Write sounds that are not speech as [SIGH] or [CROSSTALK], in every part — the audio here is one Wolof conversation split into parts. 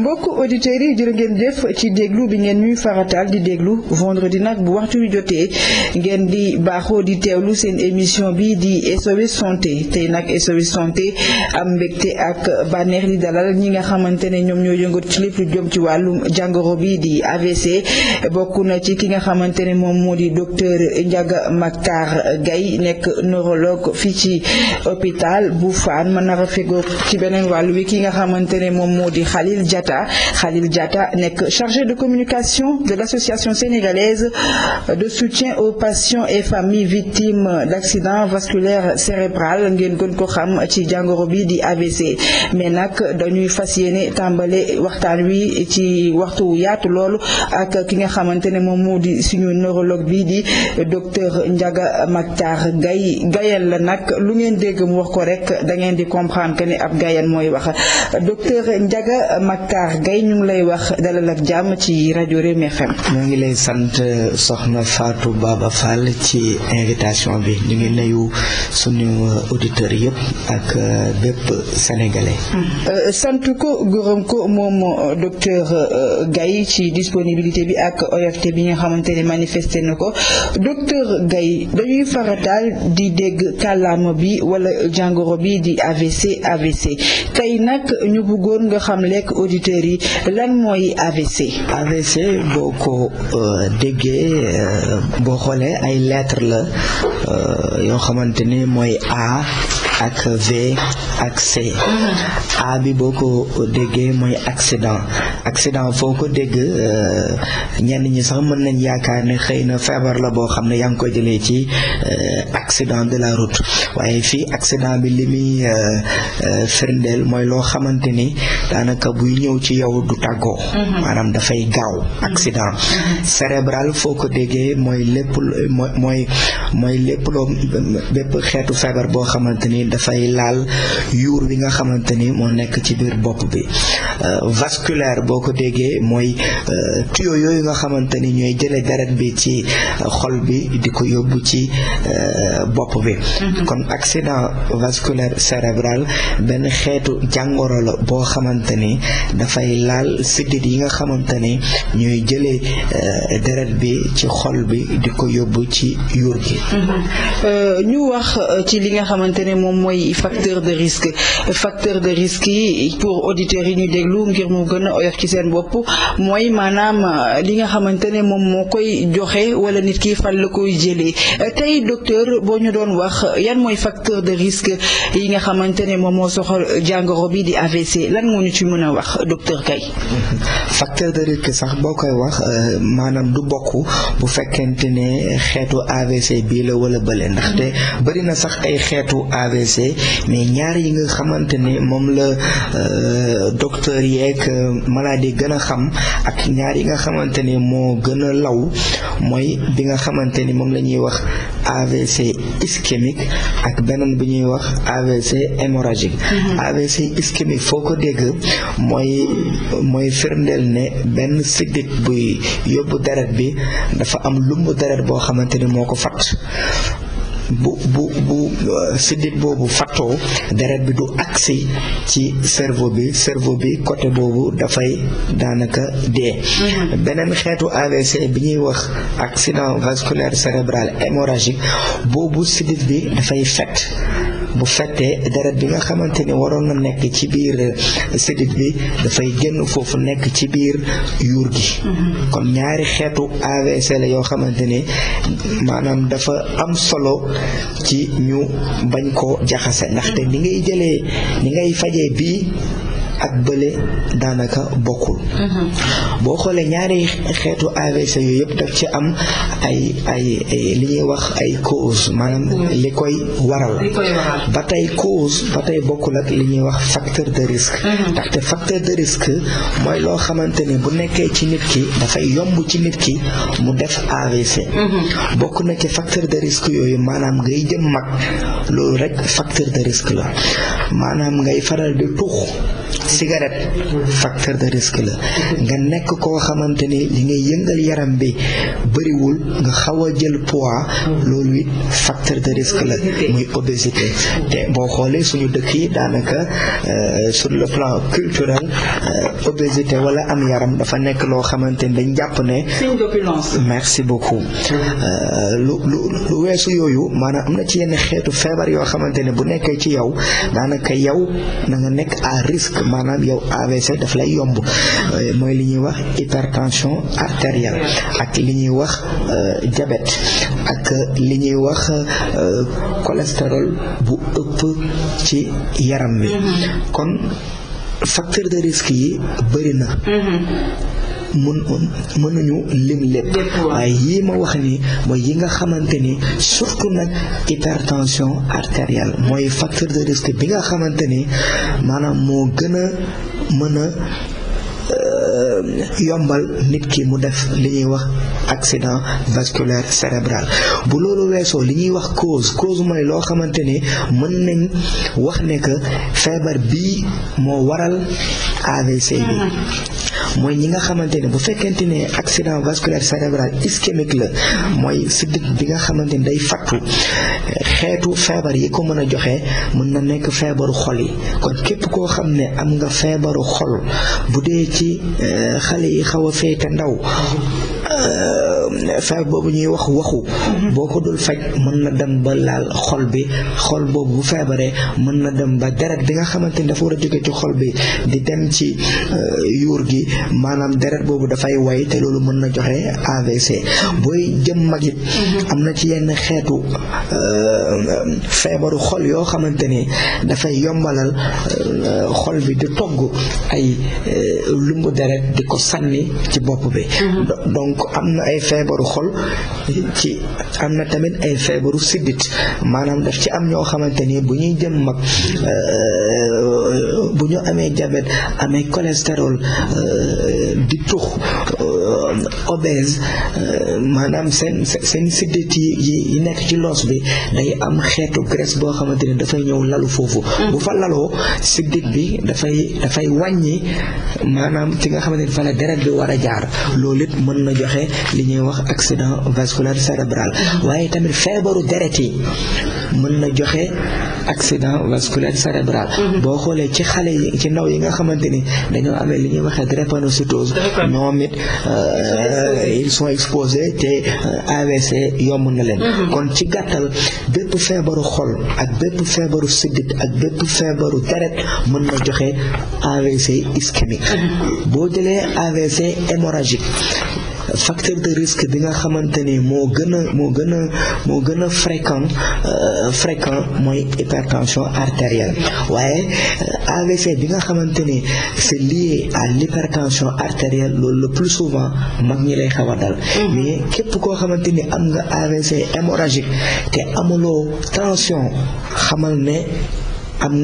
mbokk auditeurs yi jërë ngeen jëf ci déglu bi ngeen ñuy farataal di déglu vendredi nag bu waxtu wi jotee ngeen di baaxoo di teewlu seen émission bi di SOS santé tey nag SOS santé am mbégte ak bànneex di dalal ñi nga xamante ne ñoom ñoo yëngatu ci lépp jom ci wàllu jàngoro bi di AVC bokk na ci ki nga xamante ne moom moo di docteur Ndiaga Mactar gay nekk neurologue fii ci hôpital bu Fann mën na rafetlu ci beneen wàllu wi ki nga xamante moom moo Diatta Khalil Diatta nekk chargé de communication de l'association sénégalaise de soutien aux patients et familles victimes d'accident vasculaire cérébral ngeen gën ko xam ci jàngoro bi di AVC mais nag dañuy fas yéene tàmbale waxtaan wi ci waxtu yaatu loolu ak ki nga xamante ne moom moo di suñu neurologue bi di docteur njaga Mactar Gaye Gayen la nag lu ngeen dégg mu wax ko rek da ngeen di comprendre que ne ab Gayen mooy wax docteur Ndiaga Mactar Makhtar Gueye ñu ngi lay wax dalal ak jàmm ci rajo Rewmi FM. ñoo ngi lay sant soxna Fatou Baba Fall ci invitation bi ñu ngi nuyu suñu auditeurs yëpp ak euh, bépp sénégalais. Euh, euh, sant ko gërëm ko moom docteur Gaye ci disponibilité bi ak OFT bi nga xamante ne manifesté na ko docteur Gaye dañuy farataal di dégg kàllaama bi wala jàngoro bi di AVC AVC tey nag ñu bëggoon nga xam lekk auditeurs yi lan mooy AVC. AVC boo ko euh, déggee euh, boo xoolee ay lettres la euh, yoo xamante ni mooy A. ak V ak C. Mm-hmm. A bi boo ko déggee mooy accident accident foo ko dégg euh, ñenn ñi sax mën nañ yaakaar ne xëy na feebar la boo xam ne yaa ngi koy jëlee ci euh, accident de la route waaye fii accident bi li muy euh, firndeel mooy loo xamante ni daanaka buy ñëw ci yow du tàggoo. Mm-hmm. maanaam dafay gaaw accident. Mm-hmm. cérébral foo ko déggee mooy lépp mooy mooy lépp loo bépp xeetu feebar boo xamante dafay laal yuur bi nga xamante ni moo nekk ci biir bopp bi euh, vasculaire boo ko déggee mooy euh, tuyau yooyu nga xamante ni ñooy jële deret bi ci euh, xol bi di ko yóbbu ci bopp bi mm-hmm. kon accident vasculaire cérébral benn xeetu jàngoro boo xamante ni dafay laal siddit yi nga xamante ni ñooy jëlee deret bi ci xol bi di ko yóbbu ci yuur gi mm-hmm. ñu wax ci li nga xamante moom mooy facteur de risque facteur de risque yi pour auditeurs yi ñu déglu ngir mu gën a oyof ci seen bopp mooy maanaam euh, li nga xamante ne moom moo koy joxe wala nit ki fan la koy jëlee tey docteur boo ñu doon wax yan mooy facteur de risque yi nga xamante ne moom moo soxal jàngoro bi di AVC lan moo ñu ci mën a wax docteur Gaye facteur de risque sax boo koy wax euh, maanaam du bokk bu fekkente ne xeetu AVC bii la wala bële ndaxte bëri na sax ay xeetu AVC AVC mais ñaar yi nga xamante ne moom la euh, docteur yeeg euh, maladie gën a xam ak ñaar yi nga xamante ne moo gën a law mooy bi nga xamante ni moom la ñuy wax AVC ischémique ak beneen bu ñuy wax AVC hémorragique mm-hmm. AVC ischémique foo ko dégg mooy mooy firndeel ne benn siddit buy yóbbu deret bi dafa am lumbu deret boo xamante ni moo ko fatt bu bu bu euh, siddit boobu fattoo deret bi du agsi ci cerveau bi cerveau bi côté boobu dafay daanaka dee mhm. beneen xeetu AVC bi ñuy wax accident vasculaire cérébral hémorragique boobu siddit bi dafay fett bu fettee deret bi nga xamante ni waroon na nekk ci biir eh, sidit bi dafay génn foofu nekk ci biir yuur gi mm-hmm. kon ñaari xeetu AVC la yoo xamante ni maanaam dafa am solo ci ñu bañ ko jaxase ndaxte ni ngay jëlee ni ngay fajee bii ak bële daanaka bokkul mhm. boo xoolee ñaari xeetu AVC yooyu yëpp daf ci am ay ay li ñuy wax ay cause maanaam mhm. li koy waral ba tey cause ba tey bokkul ak li ñuy wax facteur de risque mhm. ndaxte facteur de risque mooy loo xamante ni bu nekkee ci nit ki dafay yomb ci nit ki mu def AVC bokk na ci facteur de risque yooyu maanaam ngay jëm mag loolu rek facteur de risque la maanaam ngay faral di tux cigarette facteur de risque la nga nekk koo xamante ni li ngay yëngal yaram bi bëriwul nga xaw a jël pois loolu it facteur de risque la muy obésité te boo xoolee suñu dëkk yi daanaka euh, sur le plan culturel euh, obésité wala am yaram dafa nekk loo xamante ni dañ jàpp ne merci beaucoup euh, lu lu lu weesu yooyu maanaam am na ci yenn xeetu feebar yoo xamante ne bu nekkee ci yow daanaka yow na nga nekk à risque maanaam yow AVC daf lay yomb euh, mooy li ñuy wax hypertension artérielle ak li ñuy wax euh, diabète ak li ñuy wax euh, cholestérol bu ëpp ci yaram bi mm-hmm. kon facteur de risque yi bëri na mm-hmm. mën mënuñu lim lépp waaye yii ma wax nii mooy yi nga xamante ni surtout nag hypertension artérielle mooy facteur de risque bi nga xamante ni maanaam moo gën a mën a Euh, yombal nit ki mu def li ñuy wax accident vasculaire cérébral bu loolu weesoo li ñuy wax cause cause mooy loo xamante ni mën nañ wax ne que feebar bii moo waral AVC bi mm-hmm. mooy ñi nga xamante ne bu fekkente ne accident vasculaire cérébral ischémique la mooy siddit bi nga xamante ni day fattu xeetu feebar yi ko mën a joxe mën na nekk feebaru xol yi kon képp koo xam ne am nga feebaru xol bu dee ci euh, xale yi xaw a féete feebar boobu ñuy wax waxu boo ko dul faj mën na dem ba laal xol bi xol boobu bu feebaree mën na dem ba deret bi nga xamante ni dafa a jóge ci xol bi di dem ci euh, yuur gi maanaam deret boobu dafay way te loolu mën na joxe AVC booy jëm mag it mm-hmm. am na ci yenn xeetu euh, feebaru xol yoo xamante ni dafay yombalal euh, xol bi di togg ay lumbu deret di ko sànni ci bopp bi mm-hmm. feebaru xol ci am na tamit ay feebaru siddit maanaam daf ci am ñoo xamante ni bu ñuy jëm mag euh, bu ñu amee diabète amee cholestérol euh, di tux Euh, obèse euh, maanaam seen seen siddeet yi yi nekk ci loos bi day am xeetu graisse boo xamante ne dafay ñëw lalu foofu mm. bu fa laloo siddeet bi dafay dafay wàññi maanaam fi nga xamante ne fa la deret bi war a jaar loolu it mën na joxe li ñuy wax accident vasculaire cérébral mm-hmm. waaye tamit feebaru deret yi mën na joxe accident vasculaire cérébral mm-hmm. boo xoolee ci xale yi ci ndaw yi nga xamante dañoo amee li ñuy waxee drépanocytose ñoom it euh, Euh, ils sont exposés te euh, AVC yomb na leen mhm. kon ci gàttal bépp feebaru xol ak bépp feebaru siddit ak bépp feebaru deret mën na joxe AVC ischémique mhm. boo jëlee hémorragique facteur de risque bi nga xamante ni moo gën a moo gën a moo gën a fréquent euh, fréquent mooy hypertension artérielle waaye euh, AVC bi nga xamante ni c'est lié à l'hypertension artérielle loolu le plus souvent mag ñi lay xaw a dal mm-hmm. mais képp koo xamante ni am nga AVC hémorragique te amuloo tension xamal ne am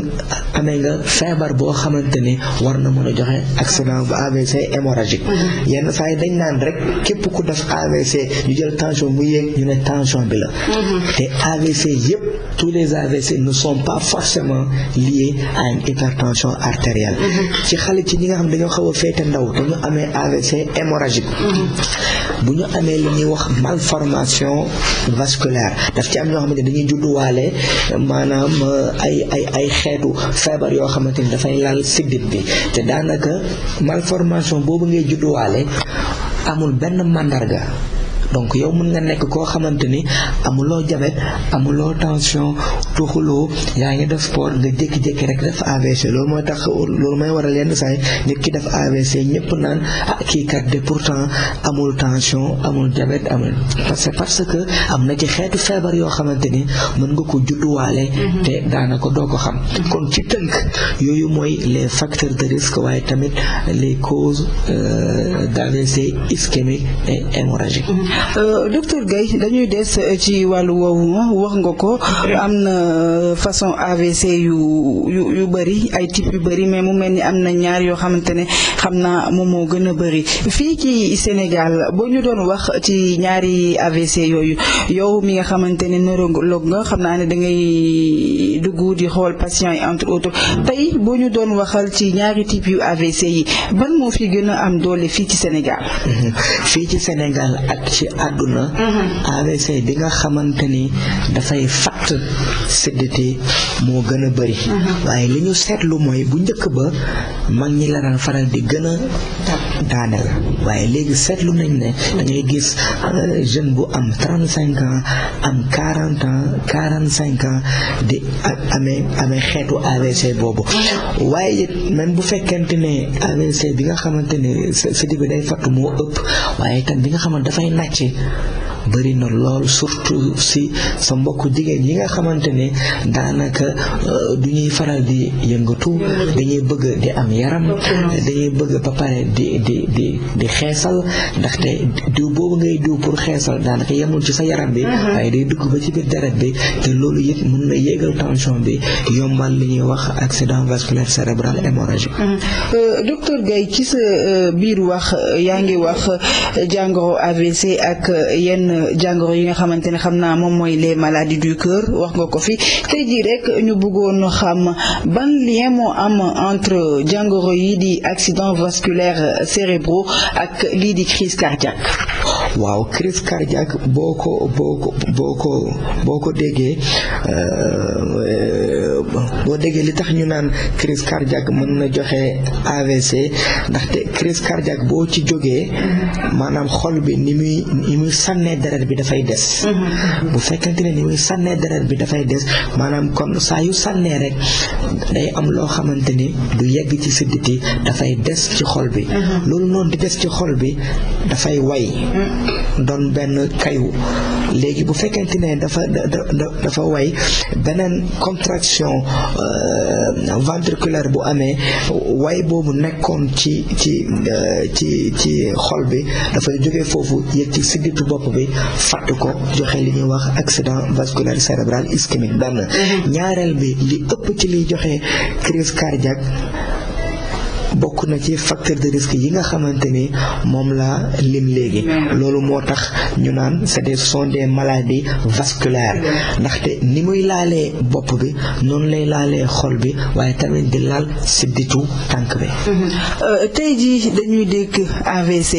amee nga feebar boo xamante ni war na mën a joxe accident bu AVC hémorragique uh-huh. yenn saa yi dañ naan rek képp ku def AVC ñu jël tension mu yéeg ñu ne tension bi la uh-huh. te AVC yëpp tous les AVC ne sont pas forcément liés à hypertension artérielle uh-huh. ci xale ci ñi nga xam dañoo xaw a féete ndaw te ñu amee AVC hémorragique bu ñu amee li ñuy wax malformation vasculaire daf ci am ñoo xamante dañuy judduwaale maanaam ay ay ay ay xeetu feebar yoo xamante ni dafay laal siddit bi te daanaka malformation boobu ngay judduwaale amul benn màndarga donc yow mën nga nekk koo xamante ni amuloo jabet amuloo tension toxuloo yaa ngi def sport nga jékki-jékki rek def AVC loolu mooy tax loolu mooy waral yenn saa yi nit ki def AVC ñëpp naan ah kii kat de pourtant amul tension amul jabet amul parce que parce que am na ci xeetu feebar yoo xamante ni mën nga ko judduwaale mhm. te daanaka doo ko xam mhm. kon ci tënk yooyu mooy les facteur de risque waaye tamit les causes euh, d'AVC ischémique et hémorragique mhm. Euh, docteur Guèye dañuy des euh, ci wàllu woowu wax nga ko am na euh, façon AVC yu yu bëri ay type yu bëri mais mu mel ni am na ñaar yoo xamante ne xam naa moom moo gën a bëri fii ci Sénégal boo ñu doon wax ci ñaari AVC yooyu yow mi nga xamante ne neurologue nga xam naa ne dangay duggu di xool patient yi entre autres tey boo ñu doon waxal ci ñaari type yu AVC yi ban moo fi gën a am doole fii ci Sénégal. [LAUGHS] fii ci Sénégal ak ci ci àdduna mm-hmm. AVC bi nga xamante ni dafay fatt séddité moo gën a bëri mm-hmm. waaye li ñu seetlu mooy bu njëkk ba mag ñi la daan faral di gëna daane la waaye léegi seetlu nañ ne da gis euh, jeune bu am trente cinq ans am quarante ans quarante cinq ans di ame ame xeetu AVC boobu waaye it même bu fekkente ne AVC bi nga xamante ne siti bi day fatt moo ëpp waaye tam bi nga xamante dafay nàcce bëri na lool surtout si sa mbokk jigéen yi nga xamante ne daanaka euh, du ñuy faral di yëngatu dañuy bëgg di am yaram dañuy bëgg ba pare di di di di xeesal ndaxte diw boobu ngay diw pour xeesal daanaka yemul ci sa yaram bi uh-huh. waaye day dugg ba ci biir deret bi te loolu yëpp mën na yéegal tension bi yombal li ñuy wax accident vasculaire cérébral hémorragique uh-huh. euh, docteur Gaye ci sa euh, biir wax yaa ngi wax jàngoro AVC ak yenn jàngoro yi nga xamante ne xam naa moom mooy les maladies du cœur wax nga ko fi tey jii rek ñu bëggoon xam ban lien am entre jàngoro yi di accident vasculaire cérébraux ak lii di crise cardiaque. waaw crise cardiaque boo ko boo ko boo ko boo ko déggee. Euh, boo déggee li tax ñu naan crise cardiaque mën na joxe AVC ndaxte crise cardiaque boo ci jógee maanaam xol bi ni muy ni muy sànnee deret bi dafay des mm-hmm. bu fekkente ne ni muy sànnee deret bi dafay des maanaam kon saa yu sànnee rek day am loo xamante ni du yegg ci sidditi dafay des ci xol bi mm-hmm. loolu noonu di des ci xol bi dafay way mm-hmm. doon benn kayu léegi bu fekkente ne dafa dafa way beneen contraction commotion euh, ventriculaire bu amee way boobu nekkoon ci ci euh, ci ci xol bi dafay jógee foofu yëg ci sidditu bopp bi fàtt ko joxe li ñuy wax accident vasculaire cérébral ischémique benn mhm. ñaareel bi li ëpp ci liy joxe crise cardiaque bokk na ci facteur de risque yi nga xamante ni moom laa lim léegi loolu moo tax ñu naan c'est des sont des maladies vasculaires ndaxte ni muy laalee bopp bi noonu lay laalee xol bi waaye tamit di laal sidditu tànk bi mhm. euh, tey jii dañuy dégg AVC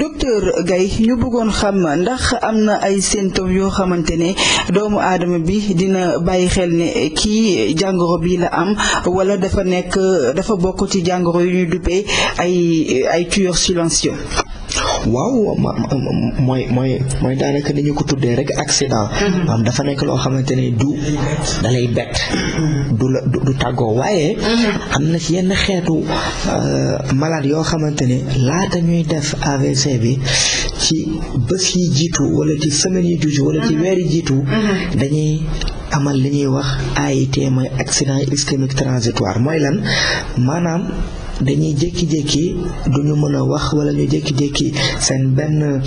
docteur gay ñu bëggoon xam ndax am na ay symptômes yoo xamante ne doomu aadama bi dina bàyyi xel ne ki jàngoro bi la am wala dafa nekk dafa bokk ci jàngoro yu ñu duppee ay ay tueurs silencieux. waaw mooy mooy mooy daanaka ni ñu ko tuddee rek accident. Mhm. dafa nekk loo xamante ne du da bett. Mhm. du la du tàggoo waaye. Mhm. am na ci yenn xeetu euh, malade yoo xamante ne laata ñuy def AVC bi ci bés yi jiitu wala ci semaine yi jiitu wala ci weer yi jiitu. dañuy amal li ñuy wax ay tee mooy accident ischémique transitoire mooy lan maanaam. dañuy jékki-jékki duñu mën a wax wala ñu jékki-jékki seen benn euh,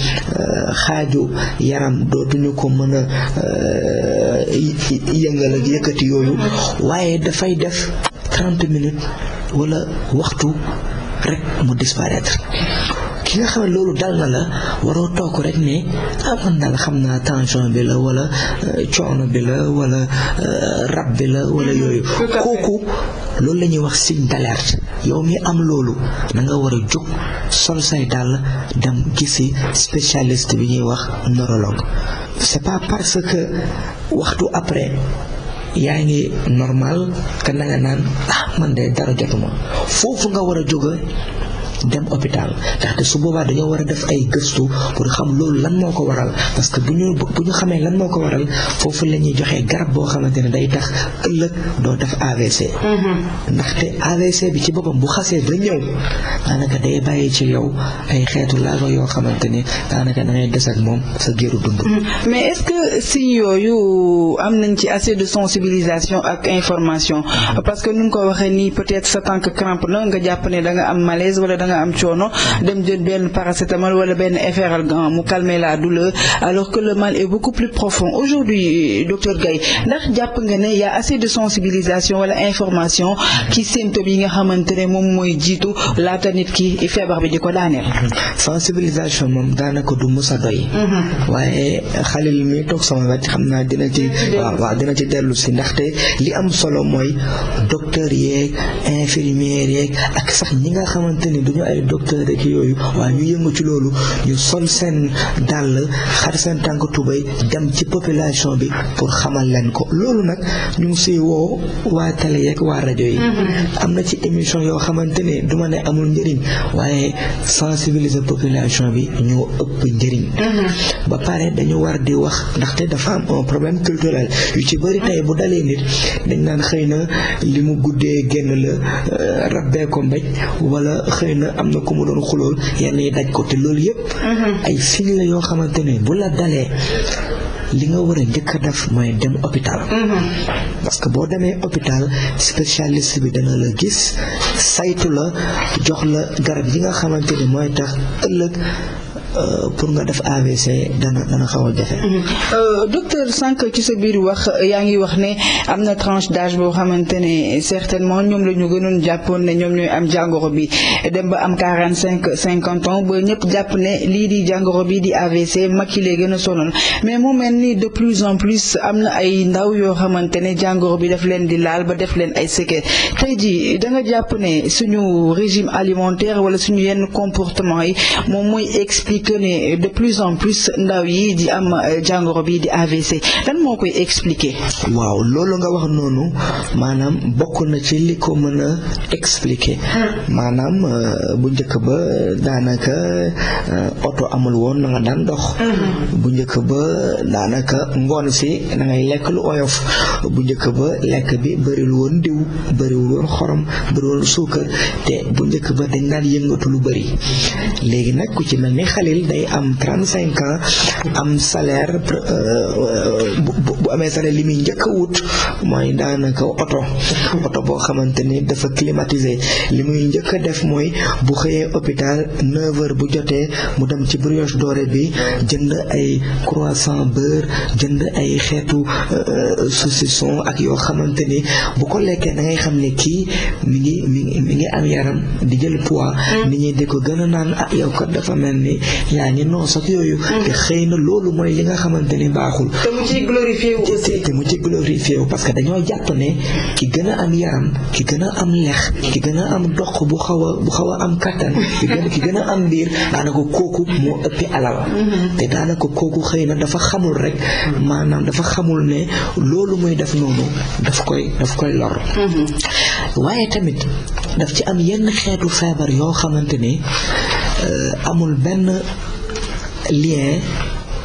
xaaju yaram dootuñu ko mën a euh, yëngal ak yëkkati yooyu waaye dafay def trent minutes wala waxtu rek mu disparaître ki nga xam ne loolu dal na la waroo toog rek ne amoon ah, na la xam naa tension bi la wala euh, coono bi la wala rab bi la wala yooyu kooku loolu la ñuy wax signe d'alerte yow mi am loolu da nga war a jóg sol say dàll dem gisi spécialiste bi ñuy wax neurologue c'est pas parce que waxtu après yaa ngi normal que na nga naan ah man de dara jotuma foofu nga war a jóg dem hôpital ndaxte su boobaa dañoo war a def ay gëstu pour xam loolu lan moo ko waral parce que bu ñu bu ñu xamee lan moo ko waral foofu la ñuy joxee garab boo xamante ne day tax ëllëg doo def AVC. Mm-hmm. ndaxte AVC bi ci boppam bu xasee ba ñëw daanaka des ak moom sa géeru dund. Mm-hmm. mais est-ce que si yooyu am nañ ci assez de sensibilisation ak information mm-hmm. parce que nu ko waxee nii peut-être sa tànk crampe na nga jàpp ne da am malaise wala da nga am coono dem jël benn paracétamol wala benn efferalgan mu calmer la douleur alors que le mal est beaucoup plus profond aujourd'hui docteur Gaye ndax jàpp nga ne y a assez de sensibilisation wala information ci symptômes yi nga xamante ne moom mooy jiitu laata nit ki feebar bi di ko daaneel sensibilisation moom daanaka du mës a doy mhm. waaye xalil mi toog sama wet xam naa dina ci waaw waaw dina ci dellu si ndaxte li am solo mooy docteur yeeg infirmière duñu ay docteur rek yooyu waaye ñu yëngu ci loolu ñu sol seen dàll xar seen tànk tubéy dem ci population bi pour xamal leen ko loolu nag ñu ngi siy woo waa télé yekk waa rajo yi mm-hmm. am na ci émission yoo xamante ne du ma ne amul njëriñ waaye sensibiliser population bi ñoo ëpp njëriñ mm-hmm. ba pare dañu war di wax ndaxte dafa am un problème culturel yu ci bëri tey bu dalee nit dañ naan xëy na li mu guddee génn la euh, rabbee ko mbéj wala xëy na am na ku mu doon xulool yenn yi daj ko te loolu yëpp mm-hmm. ay signe la yoo xamante ne bu la dalee li nga war a njëkk a def mooy dem hôpital mm-hmm. parce que boo demee hôpital spécialiste bi dana la gis saytu la jox la garab yi nga xamante ne mooy tax ëllëg Euh, pour nga def AVC dana xaw a jafe. Mhm. Euh, docteur sànq ci sa biir wax yaa ngi wax ne am na tranche dage boo xamante ne certainement ñoom la ñu gënoon jàppoon ne ñoom ñooy am jàngoro bi dem ba am quarante cinq cinquante ans ba ñëpp jàpp ne lii di jàngoro bi di AVC mag yi lay gën a sonal mais mu mel ni de plus en plus am na ay ndaw yoo xamante ne jàngoro bi daf leen di laal ba def leen ay séquelles tey jii da jàpp ne suñu régime alimentaire wala suñu yenn comportement yi que ne de plus en plus ndaw yi di am euh, jàngoro bi di AVC lan moo koy expliquer. waaw loolu nga wax noonu maanaam bokk na ci li ko mën a expliquer. Ah. maanaam euh, bu njëkk ba daanaka euh, oto amul woon na nga dox. Mm-hmm. bu njëkk ba daanaka ngoon si da ngay lekk lu oyof bu njëkk ba lekk bi bëriwul woon diw bëriwul woon xorom bëriwul suukar te bu njëkk ba dañ daan yëngatu lu bëri léegi nag ku ci mel ni xale avril day am trente cinq ans am salaire euh, euh, bu bu amee salaire li muy njëkk a wut mooy daanaka oto oto boo xamante ni dafa climatisé li muy njëkk def mooy bu xëyee hôpital neuf bu jotee mu dem ci brioche doore bi jënd ay croissant beurre jënd ay xeetu euh, saucisson ak yoo xamante ni bu ko lekkee da ngay xam ne kii mu ngi mu ngi am yaram di jël pois mm. nit ñi di ko gën a naan ah yow kat dafa mel ni yaa ngi noos ak yooyu mm. xëy na loolu mooy li nga xamante ni baaxul jël ci glorifié wu parce que dañoo jàpp ne ki gën a am yaram ki gën a am lex ki gën a am dox bu xaw a bu xaw a am kattan ki gën ki gën a am biir daanaka kooku moo ëppi alal mm-hmm. te daanaka kooku xëy na dafa xamul rek maanaam dafa xamul ne loolu muy def noonu daf koy daf koy lor mm-hmm. waaye tamit daf ci am yenn xeetu feebar yoo xamante ni euh, amul benn lien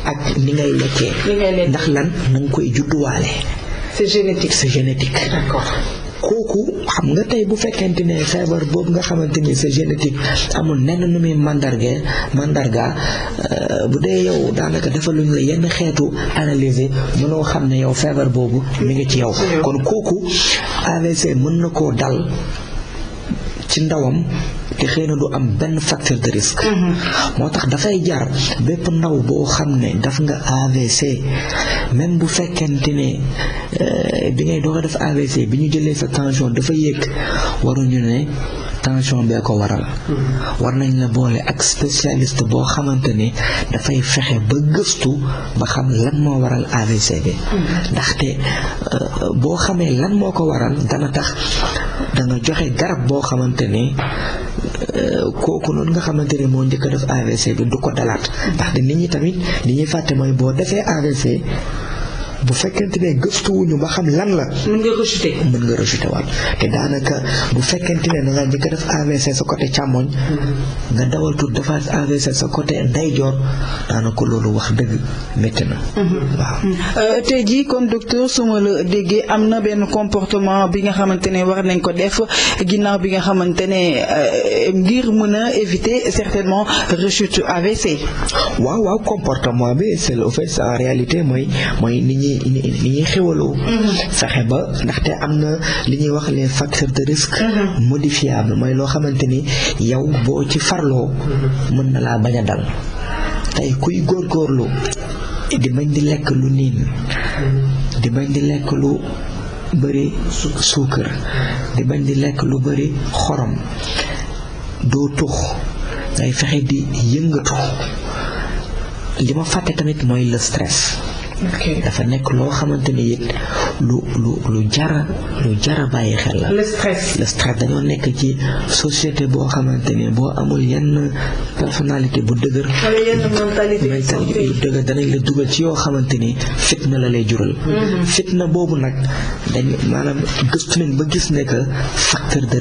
ak ni ngay lekkee ndax lan na nga koy judduwaale c'est génétique c'est génétique d'accord xam nga tey bu fekkente ne feebar boobu nga xamante ni c'est génétique amul nenn nu muy mandarge mandarga euh, bu dee yow daanaka dafa luñ la yenn xeetu analyser mënoo xam ne yow feebar boobu mu ngi ci yow kon kooku AVC mën na koo dal ci ndawam te xëy na du am benn facteur de risque. Mm-hmm. moo tax dafay jaar bépp ndaw boo xam ne daf nga AVC même bu fekkent ne euh, bi ngay doog a def AVC bi ñu jëlee sa tension dafa yéeg waruñu ne. tension bee ko waral. war nañ la boole ak spécialiste boo xamante ni dafay fexe ba gëstu ba xam lan moo waral AVC bi. ndaxte euh, boo xamee lan moo ko waral dana tax danga joxe garab boo xamante ni. Euh, kooku noonu nga xamante ne moo njëkk a def AVC bi du ko dalaat ndax nit ñi tamit li ñuy fàtte mooy boo defee AVC bu fekkente ne gëstuwuñu ba xam lan la. mën nga rejeter. mën nga rejeter waat te daanaka bu fekkente ne da ngaa njëkk a def AVC sa côté càmmoñ. Mm-hmm. nga dawal tuut defaat AVC sa côté ndeyjoor daanaka loolu wax dëgg métti na. Mm-hmm. waaw mm-hmm. Euh, tey jii kon docteur su la déggee am na benn comportement bi nga xamante ne war nañ ko def ginnaaw bi nga xamante ne euh, ngir mën a éviter certainement rechute AVC. waaw waaw comportement bi c'est en réalité mooy mooy nit ñi ñuy li ñuy xéwaloo mm-hmm. fexe ba ndaxte am na li ñuy wax les facteurs de risque mm-hmm. modifiable mooy loo xamante ni yow boo ci farloo mm-hmm. mën na laa bañ a dal tey kuy góorgóorlu di bañ di lekk lu niin di bañ di lekk lu bëri suukar di bañ di lekk lu bëri xorom doo tux ngay fexe di yëngatu li ma fàtte tamit mooy le stress dafa nekk loo xamante ni lu lu lu jara lu jara bàyyi xel la. le stress nekk ci société boo xamante ni boo amul yenn bu dëgër. wala la dugal ci yoo xamante ni fitna la lay jural. Mm-hmm. fitna boobu nag dañ maanaam gëstu ba gis ne que facteur de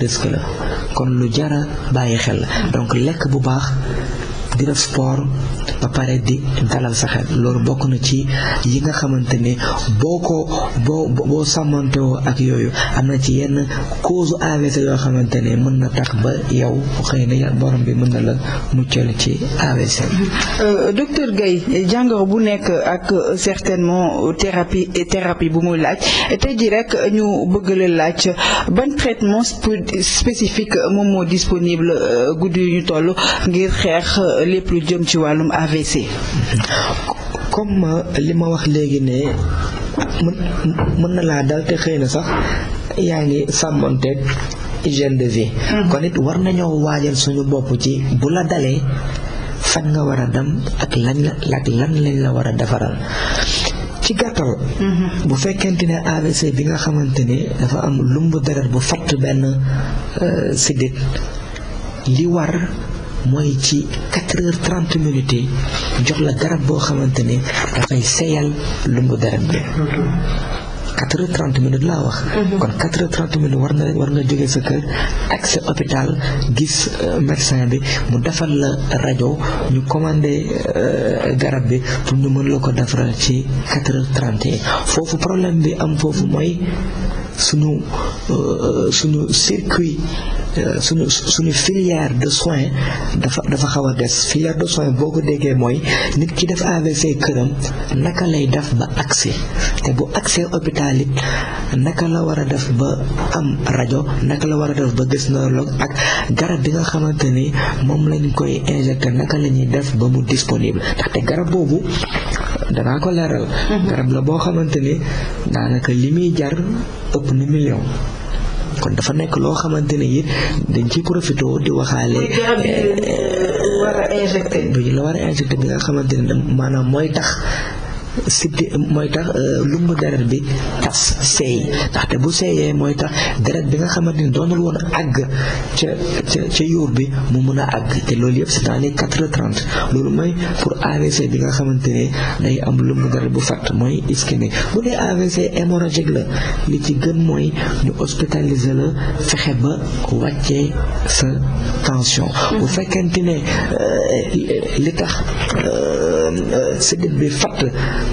kon lu jara bàyyi xel la donc lekk bu baax. di def sport ba pare di dalal sa xel loolu bokk na ci yi nga xamante ne boo ko boo boo sàmmantewoo ak yooyu am na ci yenn cause AVC yoo xamante ne mën na tax ba yow xëy na borom bi mën na la muccal ci AVC. Euh, docteur Gaye jàngoro bu nekk ak certainement thérapie et thérapie bu muy laaj tey jii rek ñu bëgg la laaj ban traitement spécifique moom moo disponible euh, guddi yu ñu toll ngir xeex. lépp lu jëm ci wàllum AVC. comme euh, li ma wax léegi ne mën mën na laa dal te xëy na sax yaa ngi sàmmonteeg hygiène de vie. Hmm. kon it war nañoo waajal suñu bopp ci bu la dalee fan nga war a dem ak lañ la lan lañ la war a defaral. ci gàttal hmm. bu fekkente ne AVC bi nga xamante ne dafa am lumbu deret bu fatt benn euh, siddit li war mooy ci quatre heures trente yi jox la garab boo xamante ne dafay seyal lumbu deret bi quatre laa wax kon quatre heures trente minutes war nga war sa kër ak sa hôpital gis euh, médecin bi mu defal la rajo ñu commandé euh, garab bi pour ñu mën la ko defaral ci quatre heures yi foofu problème bi am foofu mooy suñu euh, suñu circuit Euh, suñu suñu filière de soins dafa dafa xaw a des filière de soins boo ko déggee mooy nit ki def AVC këram naka lay def ba accès te bu accès hôpital it naka la war a def ba am rajo naka la war a def ba gis na loog ak garab bi nga xamante ni moom lañ koy injecté naka la ñuy def ba mu disponible ndaxte garab boobu danaa ko leeral. Mhm. garab la boo xamante ni daanaka li muy jar ëpp na million. kon dafa nekk loo xamante ne it dañ ciy profité di waxaale bi eh, la war a bi nga xamante ne maanaam mooy tax siddi mooy tax euh, lumb deret bi tas seey ndaxte bu seeyee mooy tax deret bi nga xamante ni doonul woon àgg ca ca ca yóor bi mu mën a àgg te loolu yëpp c'est dans quatre heures loolu mooy pour AVC bi nga xamante ne day am lumb deret bu fàtt mooy ischémique bu dee AVC hémorragique la li ci gën mooy ñu hospitaliser la fexe ba wàccee sa tension mm-hmm. bu fekkente ne euh, li tax euh, siddi bi fàtt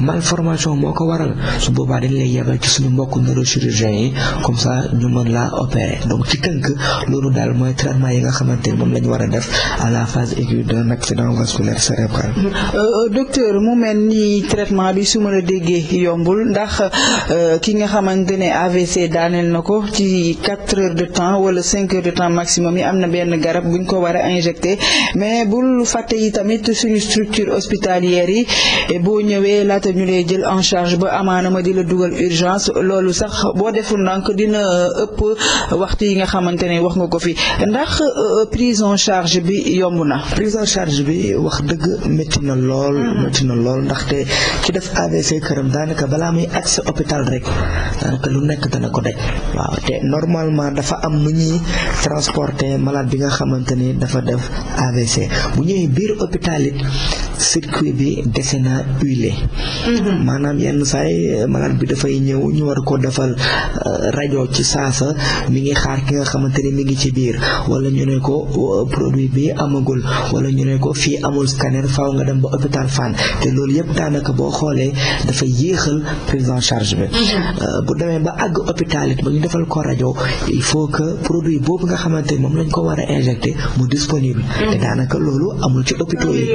malformation moo ko waral su boobaa dañ lay yebal ci suñu mbokk neurochirurgien yi comme ça ñu mën laa opérer donc ci tënk loolu daal mooy traitement yi nga xamante moom la ñu war a def à la phase aiguë d'un accident vasculaire cérébral. Euh, euh, bi su ma la déggee yombul ndax euh, ki nga xamante ne AVC daaneel na ko ci quatre heures de temps wala cinq heures de temps maximum yi am na benn garab buñ ko war a injecté mais bul fàtte yi tamit suñu structure hospitalière yi boo ñëwee la laata ñu lay jël en charge ba amaana ma di la dugal urgence loolu sax boo deful ndànk dina euh, ëpp waxtu yi nga xamante ne wax nga ko fi ndax euh, prise en charge bi yomb na. prise en charge bi wax dëgg métti na lool. métti mm-hmm. na lool ndaxte ci def AVC këram daanaka balaa muy accès hôpital rek daanaka lu nekk dana ko daj. waaw te normalement dafa am mu ñuy transporter malade bi nga xamante ni dafa def AVC bu ñëwee biir hôpital it circuit bi dese na huilé Mm-hmm. maanaam yenn saay eh, malade bi dafay ñëw ñu war a ko defal eh, rajo ci saasa mu ngi xaar ki nga xamante ni mi ngi ci biir wala ñu ne ko eh, produit bi amagul wala ñu ne ko fii amul scanner faw nga dem ba hôpital Fann te loolu yëpp daanaka boo xoolee dafa yéexal prise en charge bi mm-hmm. bu demee ba àgg hôpital it ba ñu defal ko rajo il faut que produit boobu nga xamante ni moom lañ ko war a injecté mu disponible mm-hmm. te daanaka loolu amul ci hôpitaux yi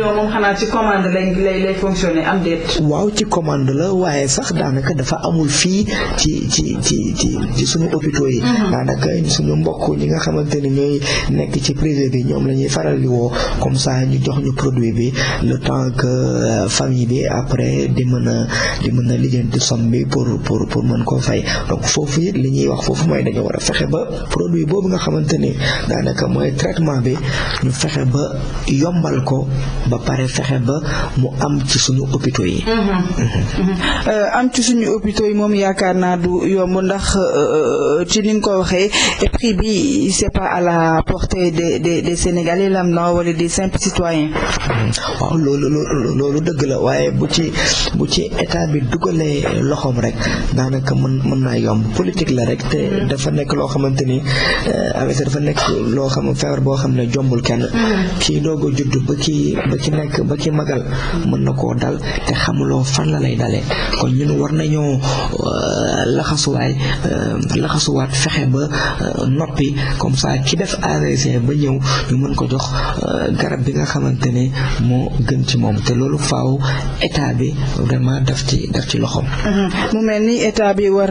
waaw ci commande la waaye sax daanaka dafa amul fii ci ci ci ci suñu hôpitaux yi mhm. daanaka suñu mbokk ñi nga xamante ni ñooy nekk ci privé bi ñoom lañuy faral di woo comme ça ñu jox ñu produit bi le temps que euh, famille bi après di mën a di mën a lijjanti somme bi pour pour pour mën koo fay donc foofu li ñuy wax foofu mooy dañu war a fexe ba produit boobu nga xamante ni daanaka mooy traitement bi ñu fexe ba yombal ko ba pare fexe ba mu am ci suñu hôpitaux yi mhm. Euh, am ci suñu hôpitaux yi moom yaakaar naa du yomb ndax euh, euh, ci ni nga ko waxee prix bi c'est pas à la portée de des des sénégalais lambda wala des simples citoyens. waaw loolu loolu dëgg la waaye bu ci bu ci état bi dugalee loxoom rek daanaka mën mën naa yomb politique la rek te dafa nekk loo xamante ni avec dafa nekk loo xam feebar boo xam ne jombul kenn. Mm-hmm. kii doog a judd ba kii ba ci nekk ba ci magal mën na koo dal te xamuloo yow fan la lay dalee kon ñun war nañoo euh, laxasuwaay euh, laxasuwaat fexe ba euh, noppi comme ça ki def AVC ba ñëw ñu mën ko jox garab bi nga xamante ne moo gën ci moom te loolu faaw état bi vraiment daf ci daf ci loxoom. mu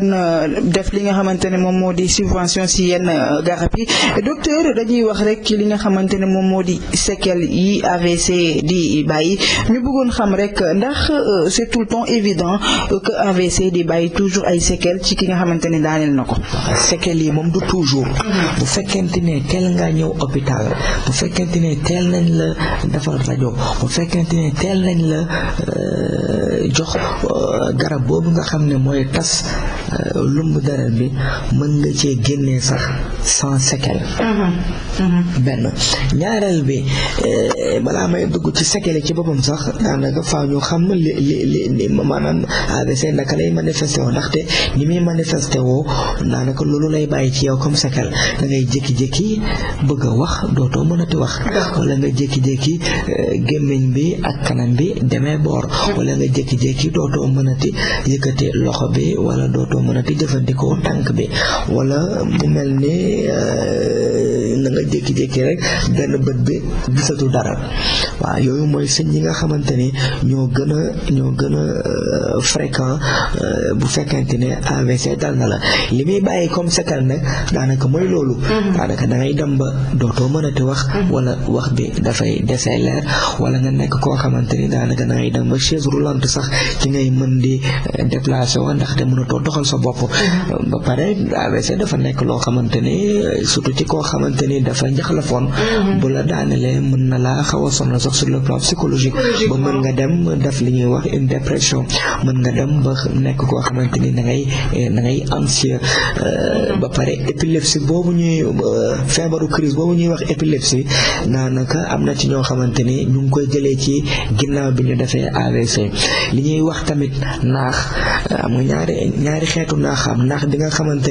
na def li nga xamante ne moom moo di subvention si yenn garab yi docteur dañuy wax rek ci li nga xamante ne moom moo di séquelles yi AVC di bàyyi ñu bëggoon xam rek ndax. c'est tout le temps évident euh, que AVC di bàyyi toujours ay séquelles ci ki nga xamante ne daaneel na ko. séquelles yi moom du toujours. Mm-hmm. bu fekkente ne teel nga ñëw hôpital bu fekkente ne teel nañ la defar rajo bu fekkente ne teel nañ la euh, jox euh, garab boobu nga xam ne mooy tas lumb deret bi mën nga cee génnee sax sans séquelles. Mm-hmm. Mm-hmm. benn ñaareel bi balaa may dugg ci séquelles ci boppam sax daanaka faaw ñu xam li li maanaam AVC naka lay manifesté woo ndaxte ni muy manifesté woo daanaka loolu lay bàyyi ci yow comme sekel da ngay jékki-jékki bëgg a wax dootoo mënati wax wala nga jékki-jékki euh, gémmiñ bi ak kanam bi demee boor wala nga jékki-jékki dootoo mënati yëkkati loxo bi wala dootoo mënati jëfandikoo tànk bi wala mu mel ni euh, mën na nga jékki-jékki rek benn bët bi gisatu dara waaw yooyu mooy sëñ yi nga xamante ne ñoo gën a ñoo gën a euh, fréquent euh, bu fekkente ne AVC dal na la li muy bàyyi comme sekkal nag daanaka mooy loolu mm-hmm. daanaka dangay dem ba dootoo mënati wax mm-hmm. wala wax bi dafay desee leer wala nga nekk koo xamante ni daanaka dangay dem ba chaise roulante sax ci ngay mën di euh, déplacé wo ndaxte mënatoo doxal sa bopp mm-hmm. ba pare AVC dafa nekk loo xamante surtout ci koo xamante ni dafa njaxlafoon mm-hmm. bu la daanelee mën na laa xaw a sonal sax sur le plan psychologique ba mën nga dem def li ñuy wax une dépression mën nga dem ba nekk koo xamante ni da ngay eh, da ngay anxieux mm-hmm. ba pare épilepsie boobu ñuy eh, feebaru crise boobu ñuy wax épilepsie daanaka am na ci ñoo xamante ni ñu ngi koy jëlee ci ginnaaw bi ñu defee AVC li ñuy wax tamit naax eh, am nga ñaari ñaari xeetu naax am naax bi nga xamante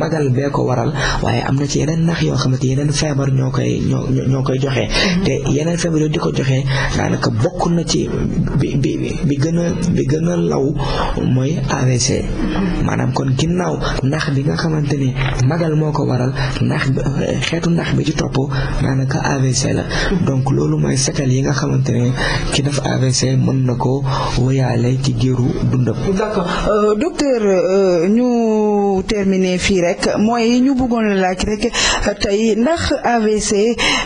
magal bee ko waral waaye am na ci yeneen naax yoo xamante yeneen feebar ñoo koy ñoo ñoo koy joxe. Mm-hmm. te yeneen feebar yooyu di ko joxe daanaka bokk na ci bi bi bi gën a bi law mooy AVC mm-hmm. maanaam kon ginnaaw ndax bi nga xamante ni magal moo ko waral ndax xeetu ndax bi ci topp daanaka AVC la mm-hmm. donc loolu mooy sekkal yi nga xamante ne ki def AVC mën na ko wëyaale ci géeru dundam. d'accord euh, euh, ñu terminer fii rek mooy ñu bëggoon laaj rek tey ndax AVC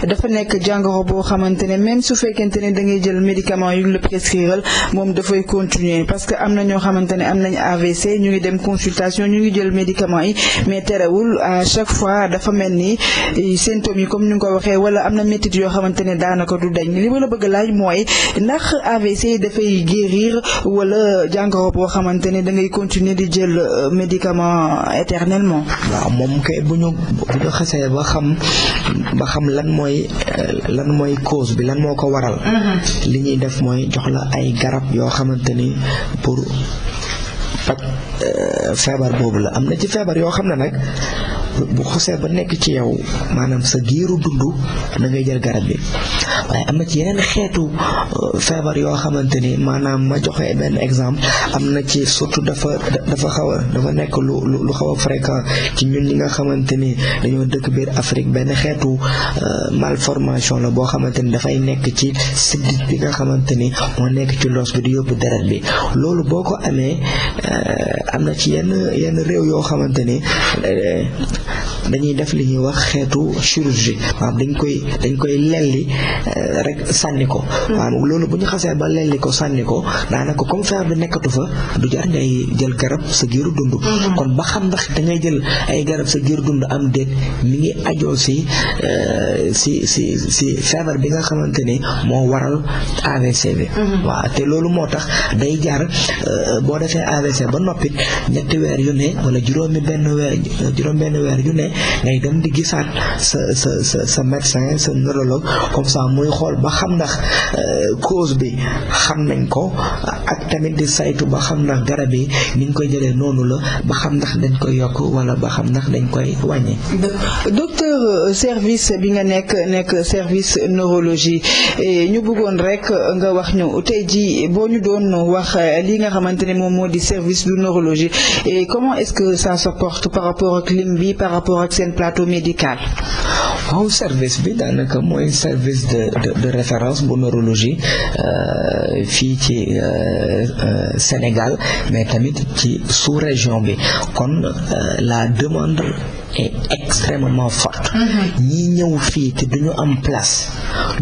dafa nekk jàngoro boo xamante ne même su fekkente ne da ngay jël médicament yu la prescriral moom dafay continuer parce que am na ñoo xamante ne am nañ AVC ñu ngi dem consultation ñu ngi jël médicament yi mais terewul à chaque fois dafa mel ni euh, symptômes yi comme ni nga ko waxee wala am na métit yoo xamante ne daanaka du dañ li ma la bëgg laaj mooy ndax AVC dafay guérir wala jàngoro boo xamante ne da ngay continuer di jël euh, médicament éternellement waaw moom bu ñu bu xam ba xam lan mooy euh, lan mooy cause bi lan moo ko waral mm-hmm. li ñuy def mooy jox la ay garab yoo xamante ni pour faj euh, feebar boobu la am na ci feebar yoo xam ne nag bu xosee ba nekk ci yow maanaam sa giiru dund da ngay jël garab bi waaye am na ci yeneen xeetu euh, feebar yoo xamante ni maanaam ma joxe benn exemple am na ci surtout dafa dafa xaw dafa nekk lu lu xaw fréquent ci ñun ñi nga xamante ni dañoo dëkk biir Afrique benn xeetu euh, mal formation la boo xamante ni dafay nekk ci siddit bi nga xamante ni moo nekk ci loos bi di yóbbu deret bi loolu boo ko amee euh, am na ci yenn yenn réew yoo xamante ni dañuy def li ñuy wax xeetu chirurgie maanaam dañ koy dañ koy lelli euh, rek sànni ko hmm. maanaam loolu bu ñu xasee ba lelli ko sànni ko daanaka comme fer bi nekkatu fa du jar ngay jël garab sa giiru dund hmm. kon ba xam ndax dangay jël ay garab sa giiru dund am déet mi ngi ajoo euh, si si si feebar bi nga xamante ni moo waral AVC bi hmm. waaw te loolu moo tax day jar euh, boo defee AVC ba noppit ñetti weer yu ne wala juróomi benn weer juróom benn weer weer yu ne ngay dem di gisaat sa sa sa sa médecin sa neurologue comme sa muy xool ba xam ndax cause bi xam nañ ko ak tamit di saytu ba xam ndax garab yi ñu koy jëlee noonu la ba xam ndax dañ koy yokk wala ba xam ndax dañ koy wàññi. docteur service bi nga nekk nekk service neurologie ñu bëggoon rek euh, nga wax ñu tey ji boo ñu doon wax euh, li nga xamante ne moom moo di service du neurologie et comment est-ce que ça se par rapport ak lim bi par ak seen plateau médical. waaw service bi daanaka mooy service de de, de référence bu neurologie euh, fii ci euh, euh, Sénégal mais tamit ci sous-région bi kon euh, la demande. est extrêmement forte ñi ñëw fii te duñu am place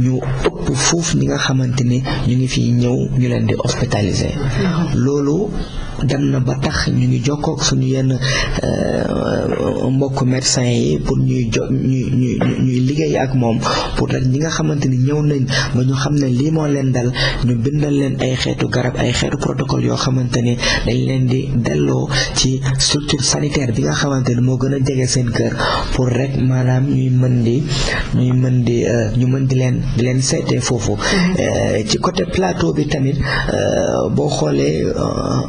ñu ëpp foofu ñi nga xamante ne ñu ngi fii ñëw ñu leen di hospitaliser loolu dem na ba tax ñu ngi jokkook suñu yenn euh, mbokk médecin yi pour ñuy jo ñuy ñuy liggéey ak moom pour rek ñi nga xamante ni ñëw nañ ba ñu xam ne lii moo leen dal ñu bindal leen ay xeetu garab ay xeetu protocole yoo xamante ni dañ leen di delloo ci structure sanitaire bi nga xamante moo gën a jege seen seen kër pour rek maanaam ñuy mën di di euh, ñu mën di leen di leen seetee foofu mm-hmm. euh, ci coté plateau bi tamit euh, boo xoolee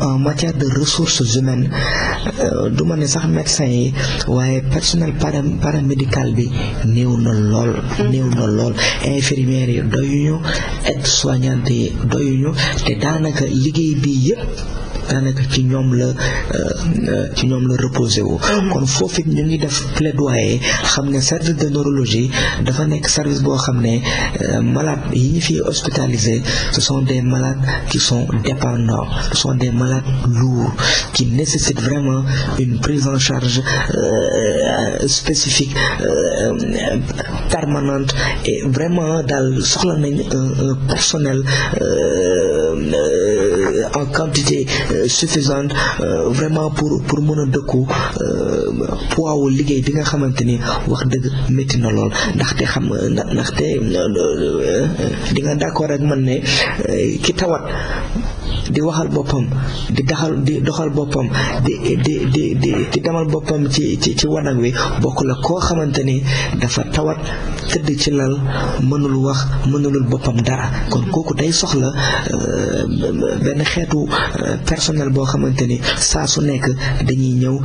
en matière de ressources humaines du ma ne sax médecin yi waaye personnel paramédical bi néew na lool mm-hmm. néew na lool infirmières yi doyuñu aide soignante yi doyuñu te daanaka liggéey bi yëpp daanaka ci ñoom la euh, euh, ci ñoom la reposé wu mm-hmm. kon foofu it ñu ngi def plaidoyer xam ne service de neurologie dafa nekk service boo xam ne euh, malades yi ñu fi hospitalisé ce sont des malades qui sont des malades lourds qui nécessitent vraiment une prise en charge spécifique euh, permanente et vraiment daal soxla nañ un personnel euh, en quantité euh, suffisante euh, vraiment pour pour mën a dëkku euh, poids wu liggéey bi nga xamante ni wax dëgg métti na lool ndaxte xam ndaxte di nga d'accord ak man ne ki tawat di waxal boppam di daxal di doxal boppam di di di di demal boppam ci ci ci wanag wi bokk la koo xamante ni dafa tawat tëdd ci lal mënul wax mënulul boppam dara kon kooku day soxla euh, benn xeetu euh, personnel boo xamante ni saa su nekk dañuy ñëw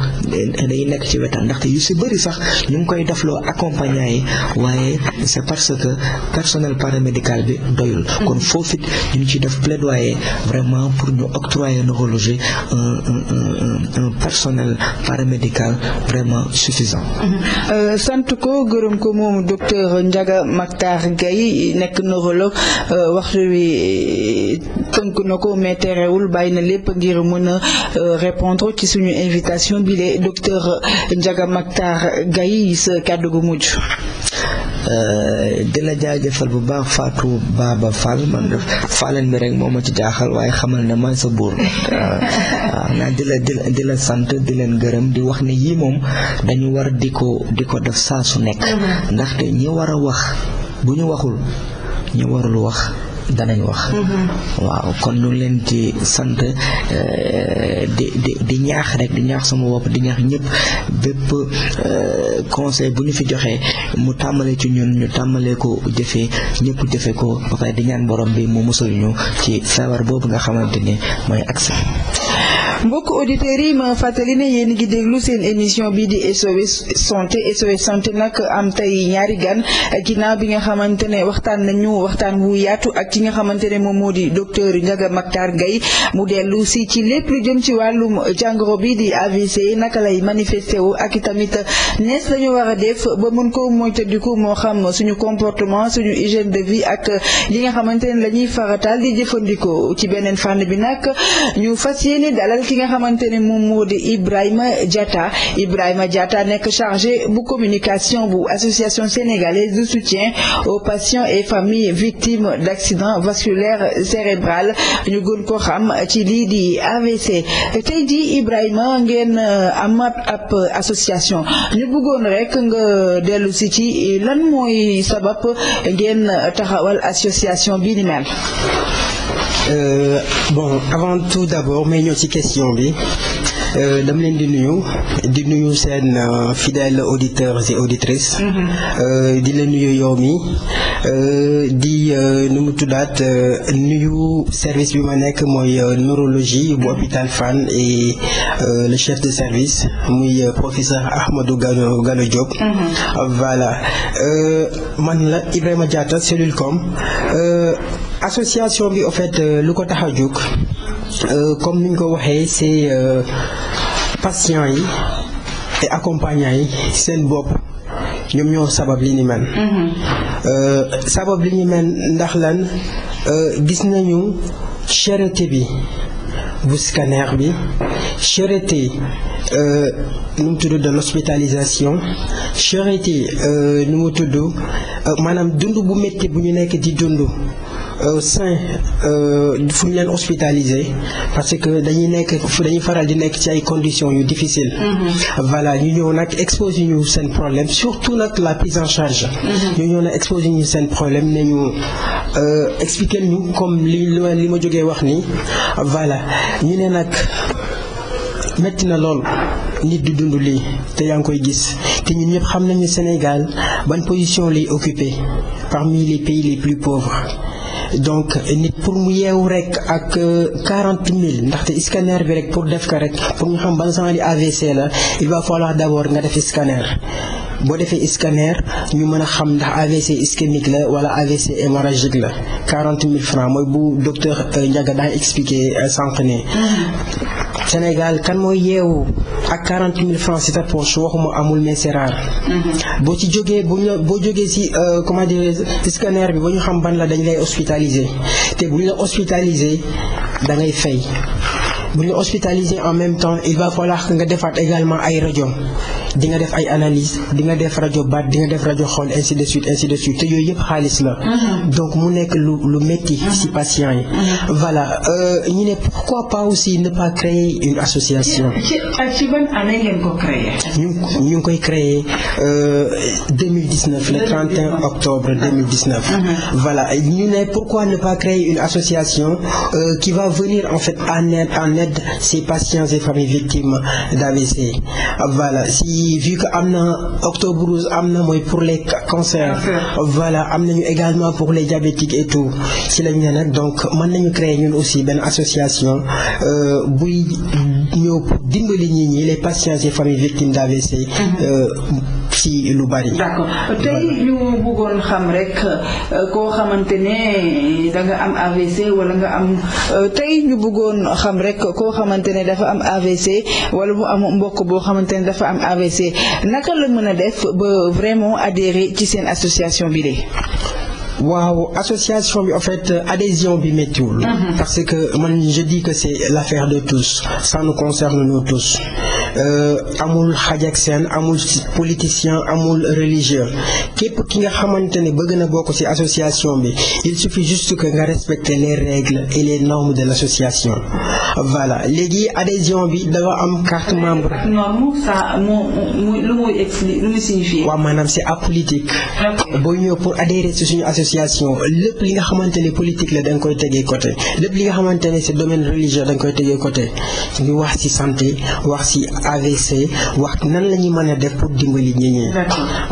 dañuy nekk ci wetam ndaxte yu si bëri sax ñu ngi koy defloo accompagnant yi waaye c'est parce que personnel paramédical bi doyul kon foofu it ñu ngi ciy def plaidoyer vraiment pour ñu octroyer neurologie un personnel paramédical vraiment suffisant. Mm-hmm. Euh, sant ko gërëm ko moom docteur Ndiaga Mactar Gueye nekk neurologue euh, waxtu wi tënk na ko mais bàyyi na lépp ngir mën a euh, répondre ci suñu invitation bi le docteur Ndiaga Mactar Gueye sa gu mujj. Euh, di la jaajëfal bu baax Fatou Baba Fall man Fallen bi rek moo ma ci jaaxal waaye xamal ne man sa buur [LAUGHS] waaw naa di la di la sant di leen gërëm di wax ni yii moom dañu war di ko di ko def saa su nekk mm-hmm. ndaxte ñi war wax bu ñu waxul ñi warul wax danañ wax mm-hmm. waaw kon ñu leen ci sant euh, di di di ñaax rek di ñaax sama bopp di ñaax ñëpp bépp euh, conseil bu ñu fi joxee mu tàmbalee ci ñun ñu tàmbalee ko jëfee ñëpp jëfe ko ba pare di ñaan borom bi mu musul ñu ci feebar boobu nga xamante ni mooy accès mbokk auditeurs yi ma fàttali na yéen ngi déglu seen émission bi di SOS santé SOS santé nag am tey ñaari gan ginnaaw bi nga xamante ne waxtaan nañu waxtaan wu yaatu ak ci nga xamante ne moom moo di docteur Ndiaga Mactar Gueye mu dellu si ci lépp lu jëm ci wàllu jàngoro bi di AVC naka lay manifesté wu ak itamit nees lañu war a def ba mën ko moytandiku moo xam suñu comportement suñu hygiène de vie ak li nga xamante ne la ñuy di jëfandikoo ci beneen fànn bi nag ñu fas ki nga xamante ne moom moo di Ibrahima Diatta Ibrahima Diatta nekk chargé bu communication bu association sénégalaise de soutien aux patients et familles victimes d' accident vasculaire cérébral ñu gën ko xam ci lii di AVC tey jii Ibrahima ngeen euh, amat ab association ñu bëggoon rek nga dellu si ci lan mooy sabab ngeen taxawal association bi Euh, bon avant tout d'abord may ñëw ci question bi euh, dama leen di nuyu di nuyu seen euh, fidèles auditeurs et auditrices. Mm-hmm. di la nuyu yow mi di nu mu tuddaat nuyu service bi ma nekk mooy neurologie bu hôpital Fann et le chef de service muy professeur Ahmadou Gallo Gallo Diop. Mm-hmm. voilà man la Ibrahima Diatta cellule com. association bi en euh, lu ko tax a jóg euh, comme ni ñu ko waxee c'est euh, patients yi et accompagnants yi seen bopp ñoom ñoo sabab li ni mel. Mm-hmm. sabab li ni mel ndax lan gis nañu cherté bi bu scanner bi cherté nu mu tudd de l'hospitalisation cherté nu mu tudd maanaam dund bu métti bu ñu nekk di dund. Euh, sain euh, fu ñu leen hospitaliser parce que dañuy nekk dañuy faral di nekk ci ay conditions yu difficile mm-hmm. voilà ñu ñëw nag exposé ñu seen problème surtout nag la prise en charge mm-hmm. ñu ñëw nag exposé ñu seen problème ne ñu euh, expliquer ñu comme li li ma jogee wax nii voilà ñu ne nag metti na lool nit di dund lii te yaa ngi koy gis te ñu ñëpp xam nañu Sénégal ban position lay occupé parmi les pays les plus pauvres donc nit pour mu yeewu rek ak euh, quarante mille ndaxte scanner bi rek pour def ko rek pour ñu xam ban genre AVC la il va falloir d'abord nga def scanner boo defee scanner ñu mën a xam ndax AVC ischémique la wala AVC hémorragique la quarante mille francs mooy bu docteur euh, Ndiaga daa expliqué euh, sànq nii Sénégal kan mooy yeewu ak quarante mille francs ci sa poche waxuma amul mais c'est mm-hmm. boo ci jógee bu ñu boo jógee ci euh, comment dire ci scanner bi ba ñu xam ban la dañu lay hospitaliser te bu ñu la hospitaliser da ngay fay bu ñu la en même temps il va falloir nga defaat également ay rajo. di nga def ay analyse di nga def rajo baat di nga def rajo xool ainsi de suite ainsi de suite te yooyu yëpp xaalis la mhm. donc mu nekk lu lu métti mhm. ci patient yi mhm. voilà euh, ñu ne pourquoi pas aussi ne pas créer une association ci euh, ban année ngeen ko créer ñu ñu ngi koy créer 2019 euh, le 31 octobre 2019 voilà ñu ne pourquoi ne pas créer une association euh, qui va venir en fait en aide en aide ces patients et familles victimes d'AVC voilà yi vu que am na octobre rose am na mooy pour les cancers voilà am nañu également pour les diabétiques et tout ci lañ ne nag donc mën nañu créer ñun aussi benn association euh, buy ñëw pour dimbali nit ñi les patients et familles victimes d'AVC mhm. euh, ci lu bari. d'accord tey ñu bëggoon xam rek euh, koo xamante ne danga am AVC wala nga am euh, tey ñu bëggoon xam rek koo xamante ne dafa am AVC wala mu am mbokk boo xamante ne dafa am AVC naka la mën a def ba vraiment adhérer ci seen association bi de. waaw association bi en fait adhésion bi méttiwul. Mhm. parce que man je dis que c'est l'affaire de tous ça nous concerne nous tous euh, amul xaj ak seen amul politicien amul religieux képp ki nga xamante ne bëgg na bokk ci association bi il suffit juste que nga respecter les règles et les normes de l'association voilà léegi adhésion bi dafa am carte membre. norme ça moo c'est apolitique. boo ñëw pour adhérer ci suñu association lépp li nga xamante ne politique la da nga koy tegee côté lépp li nga xamante ne c'est domaine religieux da nga koy tegee côté ñu wax ci santé wax ci AVC wax nan la ñuy a def pour dimbali ñi ñi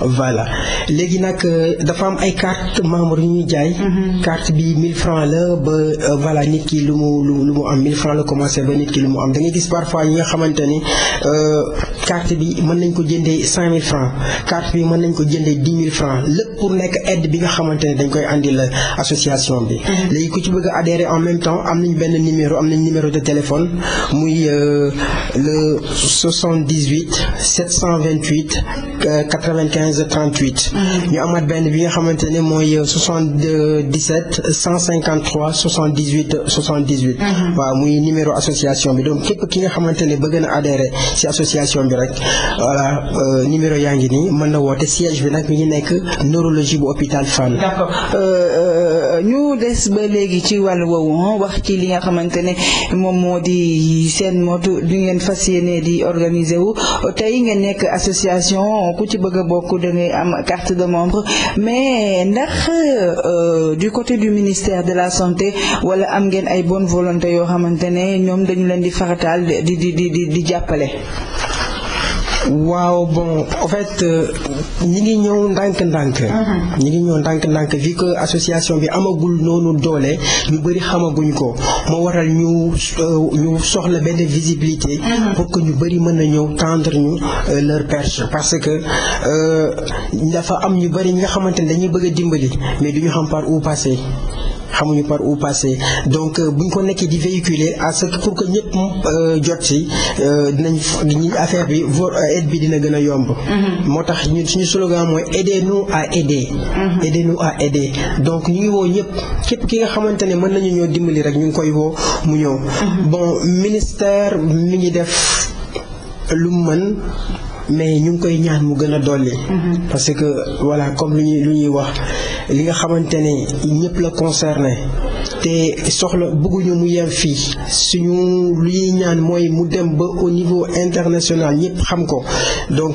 voilà léegi nag euh, dafa am ay carte membre yu ñuy jaay mm-hmm. carte bi 1000 francs la ba euh, voilà nit ki lu mu lu mu am 1000 francs la commencé ba nit ki lu mu am da gis parfois ñi nga xamante euh, carte bi mën nañ ko jëndee 5000 francs carte bi mën nañ ko jëndee dañ koy andil association bi. Mhm. léegi ku ci bëgg a adhérer en même temps am nañu benn numéro am nañ numéro de téléphone muy euh, le 78 728 95 38. ñu amaat benn bi nga xamante ne mooy 77 153 78 78. waaw muy numéro association bi donc képp ki nga xamante ne bëgg na adhérer ci association bi rek voilà euh, numéro yaa ngi nii mën na woote siège bi nag mi ngi nekk neurologie bu hôpital Fann. d'accord Euh, euh, ñu des ba léegi ci wàllu woowu wax ci li nga xamante ne moom moo di seen motu du ngeen fas yéene di organiser wu tey ngeen nekk association ku ci bëgg a bokk da am carte de membre mais ndax euh, du côté du ministère de la santé wala am ngeen ay bonne volonté yoo xamante ne ñoom dañu leen di farataal di di di di jàppale. waaw bon en fait euh, ñi ngi ñëw ndànk-ndànk. Mhm. ñi ngi ñëw ndànk-ndànk vu que association bi amagul noonu doole ñu bëri xamaguñ ko moo waral ñu euh, ñu soxla benn visibilité. Mhm. pour que ñu bëri mën na ñëw tendre ñu euh, leur perche parce que dafa am ñu bari ñi nga xamante ne dañuy bëgg a dimbali mais duñu xam par ou passer. xamuñu par où passer donc euh, bu ñu ko nekkee di véhiculer à que pour que ñëpp euh, jot si euh, dinañ ñi affaire bi vo aide bi dina gën a yomb. Mm-hmm. moo tax ñu suñu slogan mooy aidez-nous à aider. Mm-hmm. aidez-nous à aider donc ñu ngi woo ñëpp képp ki nga xamante ne mën nañu ñoo dimbali rek ñu ngi koy woo mu ñëw. Mm-hmm. bon ministère mi ngi def lu mu mën. mais ñu ngi koy ñaan mu gën a dolli. parce que voilà comme lu lu ñuy wax. li nga xamante ni ñëpp la concerné te soxla bëgguñu mu yem fii suñu luy ñaan mooy mu dem ba au niveau international ñëpp xam ko donc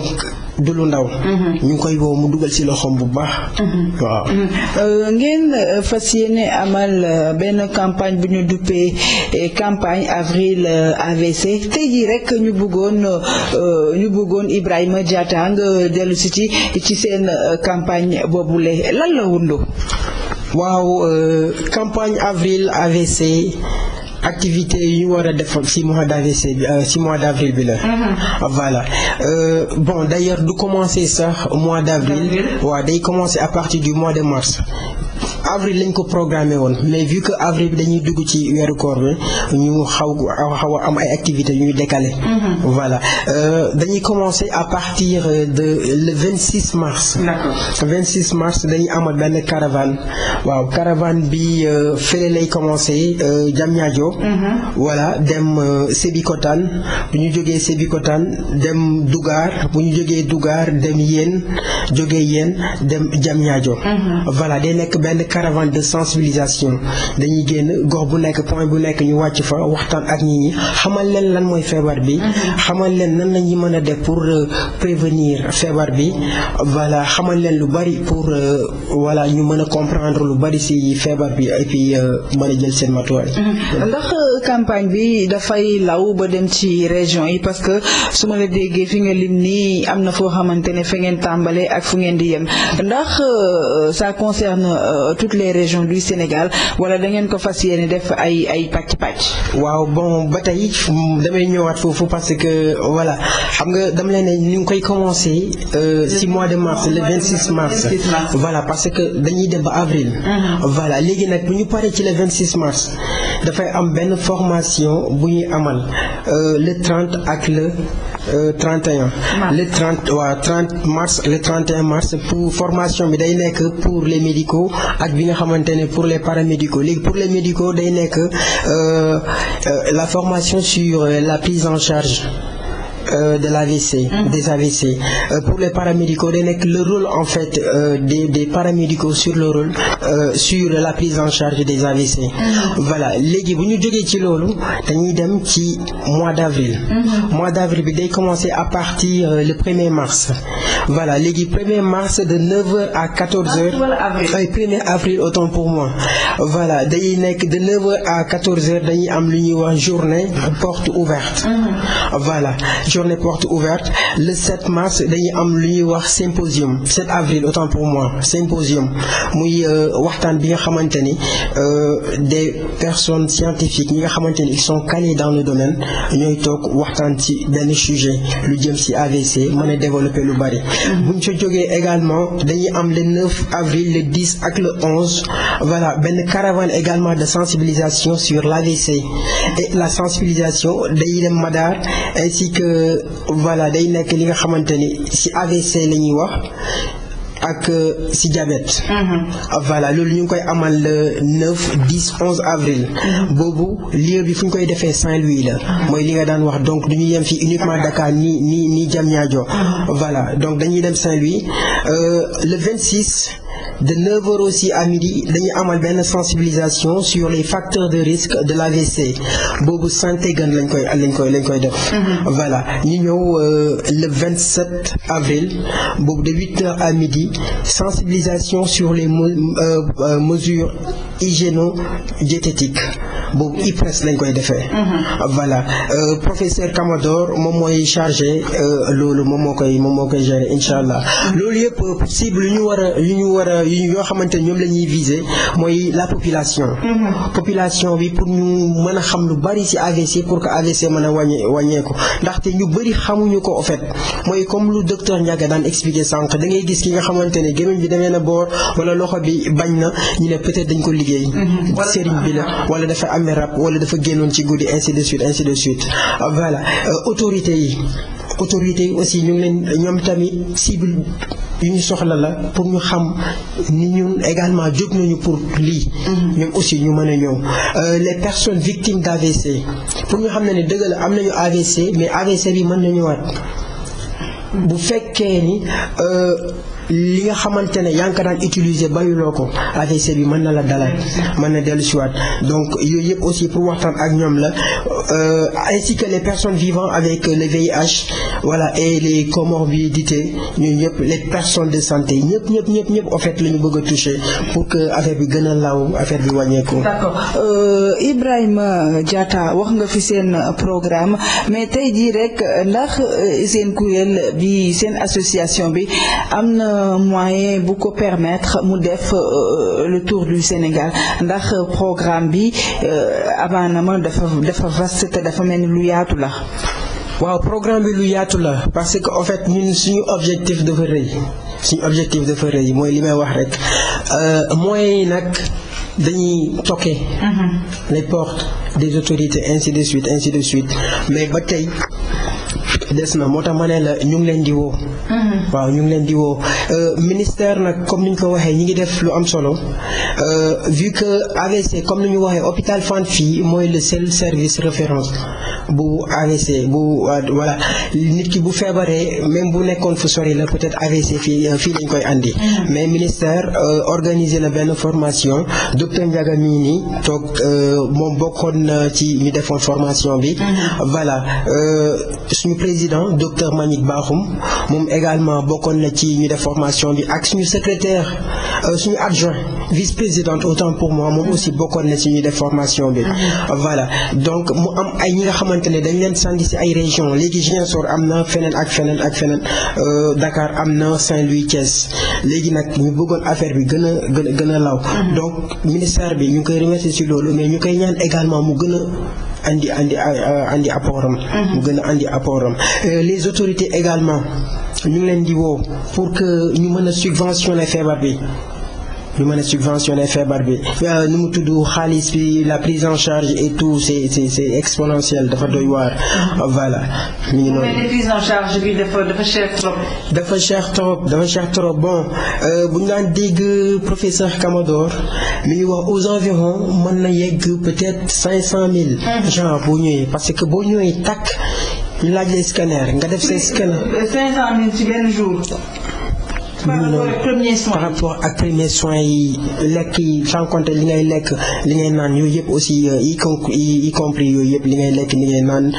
du lu ndaw. Mhm. ñu ngi koy woo mu dugal ci loxoom bu baax. Mhm. waaw. Mhm. Euh, ngeen euh, fas yéene amal euh, benn campagne bu ñu duppee eh, campagne avril AVC tey jii rek ñu bëggoon ñu bëggoon Ibrahima Diatta nga dellu ci ci seen campagne boobule lan la wundu waaw euh, campagne avril AVC activité yu ñu war a def ci mois d'AVC bi euh, ci mois d'avril bi la. Mm-hmm. voilà euh, bon d'ailleurs du commencer sax mois d'avril. waaw day commencer à partir du mois de mars. avril lañ ko programmé woon mais vu que avril bi dañuy dugg ci weeru koor bi ñu xaw xaw a am ay activités yu ñu décalé. Mhm. voilà euh, dañuy commencer à partir de le 26 mars. d'accord 26 mars dañuy amal benn caravane waaw caravane bi euh, fële lay commencer euh, Diamniadio. Mhm. voilà dem Sébikotane bu ñu jógee Sébikotane dem Dougar bu ñu jogee Dougar dem Yène jógee Yène dem Diamniadio. Mhm. voilà day nekk benn benn caravane de sensibilisation dañuy génn gox bu nekk point bu nekk ñu wàcc fa waxtaan ak nit ñi xamal leen lan mooy feebar bi mm-hmm. xamal leen nan lañuy mën a def pour euh, prévenir feebar bi voilà xamal leen lu bari pour euh, voilà ñu mën a comprendre lu bari ci feebar bi et puis euh, mën a jël seen matuwaay mm-hmm. ndax campagne bi dafay law ba dem ci région yi parce que su ma la déggee fi nga lim nii am na foo xamante ne fa ngeen tàmbalee ak fu ngeen di yem ndax ça concerne Euh, toutes les régions du Sénégal wala da ngeen ko fas yéene def ay ay pàcc pàcc. waaw bon ba tey damay ñëwaat foofu parce que voilà xam nga dama leen ne ñu ngi koy commencé si euh, mois de mars le 26 mars. voilà parce que dañuy dem ba avril. Mm-hmm. voilà léegi nag bu ñu paree ci le 26 mars dafay am benn formation bu ñuy amal euh, le 30 ak le. Euh, 31 mars. le 30 le 31 mars pour formation bi day nekk pour les médicaux ak bi nga xamante ne pour les paramédicaux léegi pour les médicaux day nekk euh, euh, la formation sur euh, la prise en charge Euh, de l'AVC mhm. des AVC euh, pour les paramédicaux day nekk le rôle en fait euh, des des paramédicaux sur le rôle sur la prise en charge des AVC mhm. voilà léegi bu ñu jógee ci loolu dañuy dem ci mois d'avril mhm. mois d'avril bi day commencer à partir le premier mars voilà léegi premier mars de 9h à 14h premier avril autant pour moi voilà day nekk de 9h à 14h dañuy am lu ñuy wax journée porte ouverte voilà journée porte ouverte le 7 mars dañuy am lu ñuy wax symposium 7 avril autant pour moi symposium muy euh, waxtaan bi nga xamante ni euh, des personnes scientifiques ñi nga xamante ni ils sont calés dans le domaine ñooy toog waxtaan si benn sujet lu jëm ci AVC mën a développer lu bari mhm. buñ ci jógee également dañuy am le 9 avril le 10 ak le 11 voilà benn caravane également de sensibilisation sur l'AVC et la sensibilisation day dem Madar ainsi que voilà day nekk li nga xamante ni ci AVC la ñuy wax ak euh, ci diabète. Mm-hmm. voilà loolu ñu ngi koy amal le 9 10 11 avril. Mm-hmm. boobu lieu bi fu ñu koy defee Saint-Louis la. Mm-hmm. mooy li nga daan wax donc du ñu yem fii uniquement Dakar ni ni ni Diamniadio. voilà donc dañuy dem Saint-Louis euh, le 26. de 9h aussi à dañu amal benn sensibilisation sur les facteurs de risque de boobu santé gan lañ koy lañ koy lañ koy def. Mm-hmm. voilà ñu ñëw euh, le 27 avril boobu de 8h à midi sensibilisation hygiéno-diététique boobu IPRES lañ koy defee. Mhm. voilà euh, professeur Camador moom mooy chargé euh, loolu moom moo koy moom moo koy gérer incha allah mhm. loolu yëpp cible yu ñu war a yu ñu war a yoo xamante ñoom la ñuy viser mooy la population. Mhm. population bi pour ñu mën a xam lu bari ci AVC pour que AVC mën a wàññee wàññeeku ndaxte ñu bari xamuñu ko en fait mooy comme lu docteur Ndiaga daan expliquer sànq da gis ki nga xamante ne bi demee na boor wala loxo bi liggéey mhm. sëriñ bi la wala dafa amee rab wala dafa génnoon ci guddi ainsi de suite ainsi de suite voilà euh, autorité yi autorité yi aussi ñu ngi leen ñoom tamit cible yu ñu soxla la pour ñu xam ni ñun également jóg nañu pour lii ñoom mhm. aussi ñu mën a ñëw euh, les personnes victimes d' AVC pour ñu xam ne ne dëgg la am nañu AVC mais AVC bi mën nañu ñëwaat bu fekkee ni euh, li nga xamante ne yaa ngi ko ko AVC bi mën na la dalal mën na dellu dellusiwaat donc yooyu yëpp aussi pour waxtaan ak ñoom la euh, ainsi que les personnes vivant avec le VIH voilà et les comorbidités ñun ñëpp les personnes de santé ñëpp ñëpp ñëpp ñëpp en fait ñu bëgg a toucher pour que affaire bi gën a law affaire bi wàññeeku. d'accord euh, Ibrahima Diatta wax nga fi seen programme mais tey jii rek ndax euh, seen kuréel bi seen association bi am na moyen bu ko permettre mu def euh, le tour du Sénégal ndax programme bi euh, amaana dafa parce que dafa mel ni lu yaatu la. waaw programme bi lu yaatu la parce que en fait ñun suñu objectif dafa rëy suñu objectif dafa rëy mooy li may wax rek euh, moyens yi nag dañuy toquer mhm. les portes des autorités ainsi de suite ainsi de mais ba tey. des na moo tax ma ne la ñu leen di woo. Mm-hmm. waaw ñu leen di woo euh, ministère nag comme ni ñu ko waxee ñi ngi def lu am solo euh, vu que AVC comme ni ñu waxee hôpital Fann fii mooy le seul service référence bu AVC bu voilà nit ki bu feebaree même bu nekkoon fu sori la peut-être AVC fii fii lañ koy andi. Mm-hmm. mais ministère euh, organiser na benn formation docteur Ndiaga mii nii toog moom bokkoon na ci ñu defoon formation bi. Mm-hmm. voilà suñu président président docteur Manick Bakhoum moom également bokkoon na ci ñu def formation bi ak suñu secrétaire euh, suñu adjoint vice présidente autant pour moi moom aussi bokkoon na ci ñu def formation bi. Mm-hmm. voilà donc mu am ay ñi nga xamante ne dañ leen sànni si ay régions léegi Ziguinchor am na feneen ak feneen ak feneen euh, Dakar am na Saint-Louis Thiès léegi nag ñu bëggoon affaire bi gën a gën a gën a law mm-hmm. donc ministère bi ñu koy remercier ci loolu mais ñu koy ñaan également mu gën a andi andi euh, andi apport am. Mhm. mu gën a andi apport am euh, les autorités également ñu leen di woo pour que ñu mën a subvention subventionner feebar bi. ñu mën a subventionner feebar bi nu mu tudd xaalis bi la prise en charge et tout c'est c'est exponentiel dafa doy waar voilà mi ngi noonu prise en charge bi dafa dafa cher trop dafa cher trop dafa bon euh, bu ñu daan dégg professeur Camador mi ngi wax aux environs mën na yegg peut-être cinq cent mille genre boo ñëwee parce que boo ñëwee takk ñu laaj la scanner nga def sa scanner cinq benn jour par rapport ak premier soin yi lekk yi sans compter li ngay lekk li ngay naan yooyu yëpp aussi euh, y compris yooyu yëpp li ngay lekk li ngay naan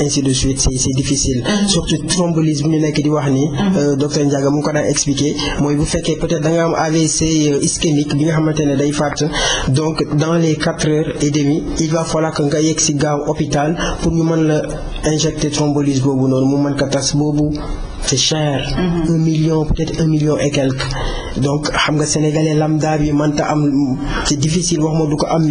ainsi de suite si c'est difficile mm-hmm. surtout thrombolyse bu ñu nekk di wax ni mm-hmm. euh, docteur Ndiaga mu ngi ko daan expliquer mooy bu fekkee peut-être da nga am AVC euh, ischémique bi nga xamante ne day faat donc dans les quatre heures et demie il va falloir que nga yegg si gaaw hôpital pour ñu mën la injecter thrombolyse boobu noonu mu mën ko tas boobu c'est cher. Mm million peut-être un million et quelque donc xam nga sénégalais lambda bi mënta am c'est difficile wax ma du ko am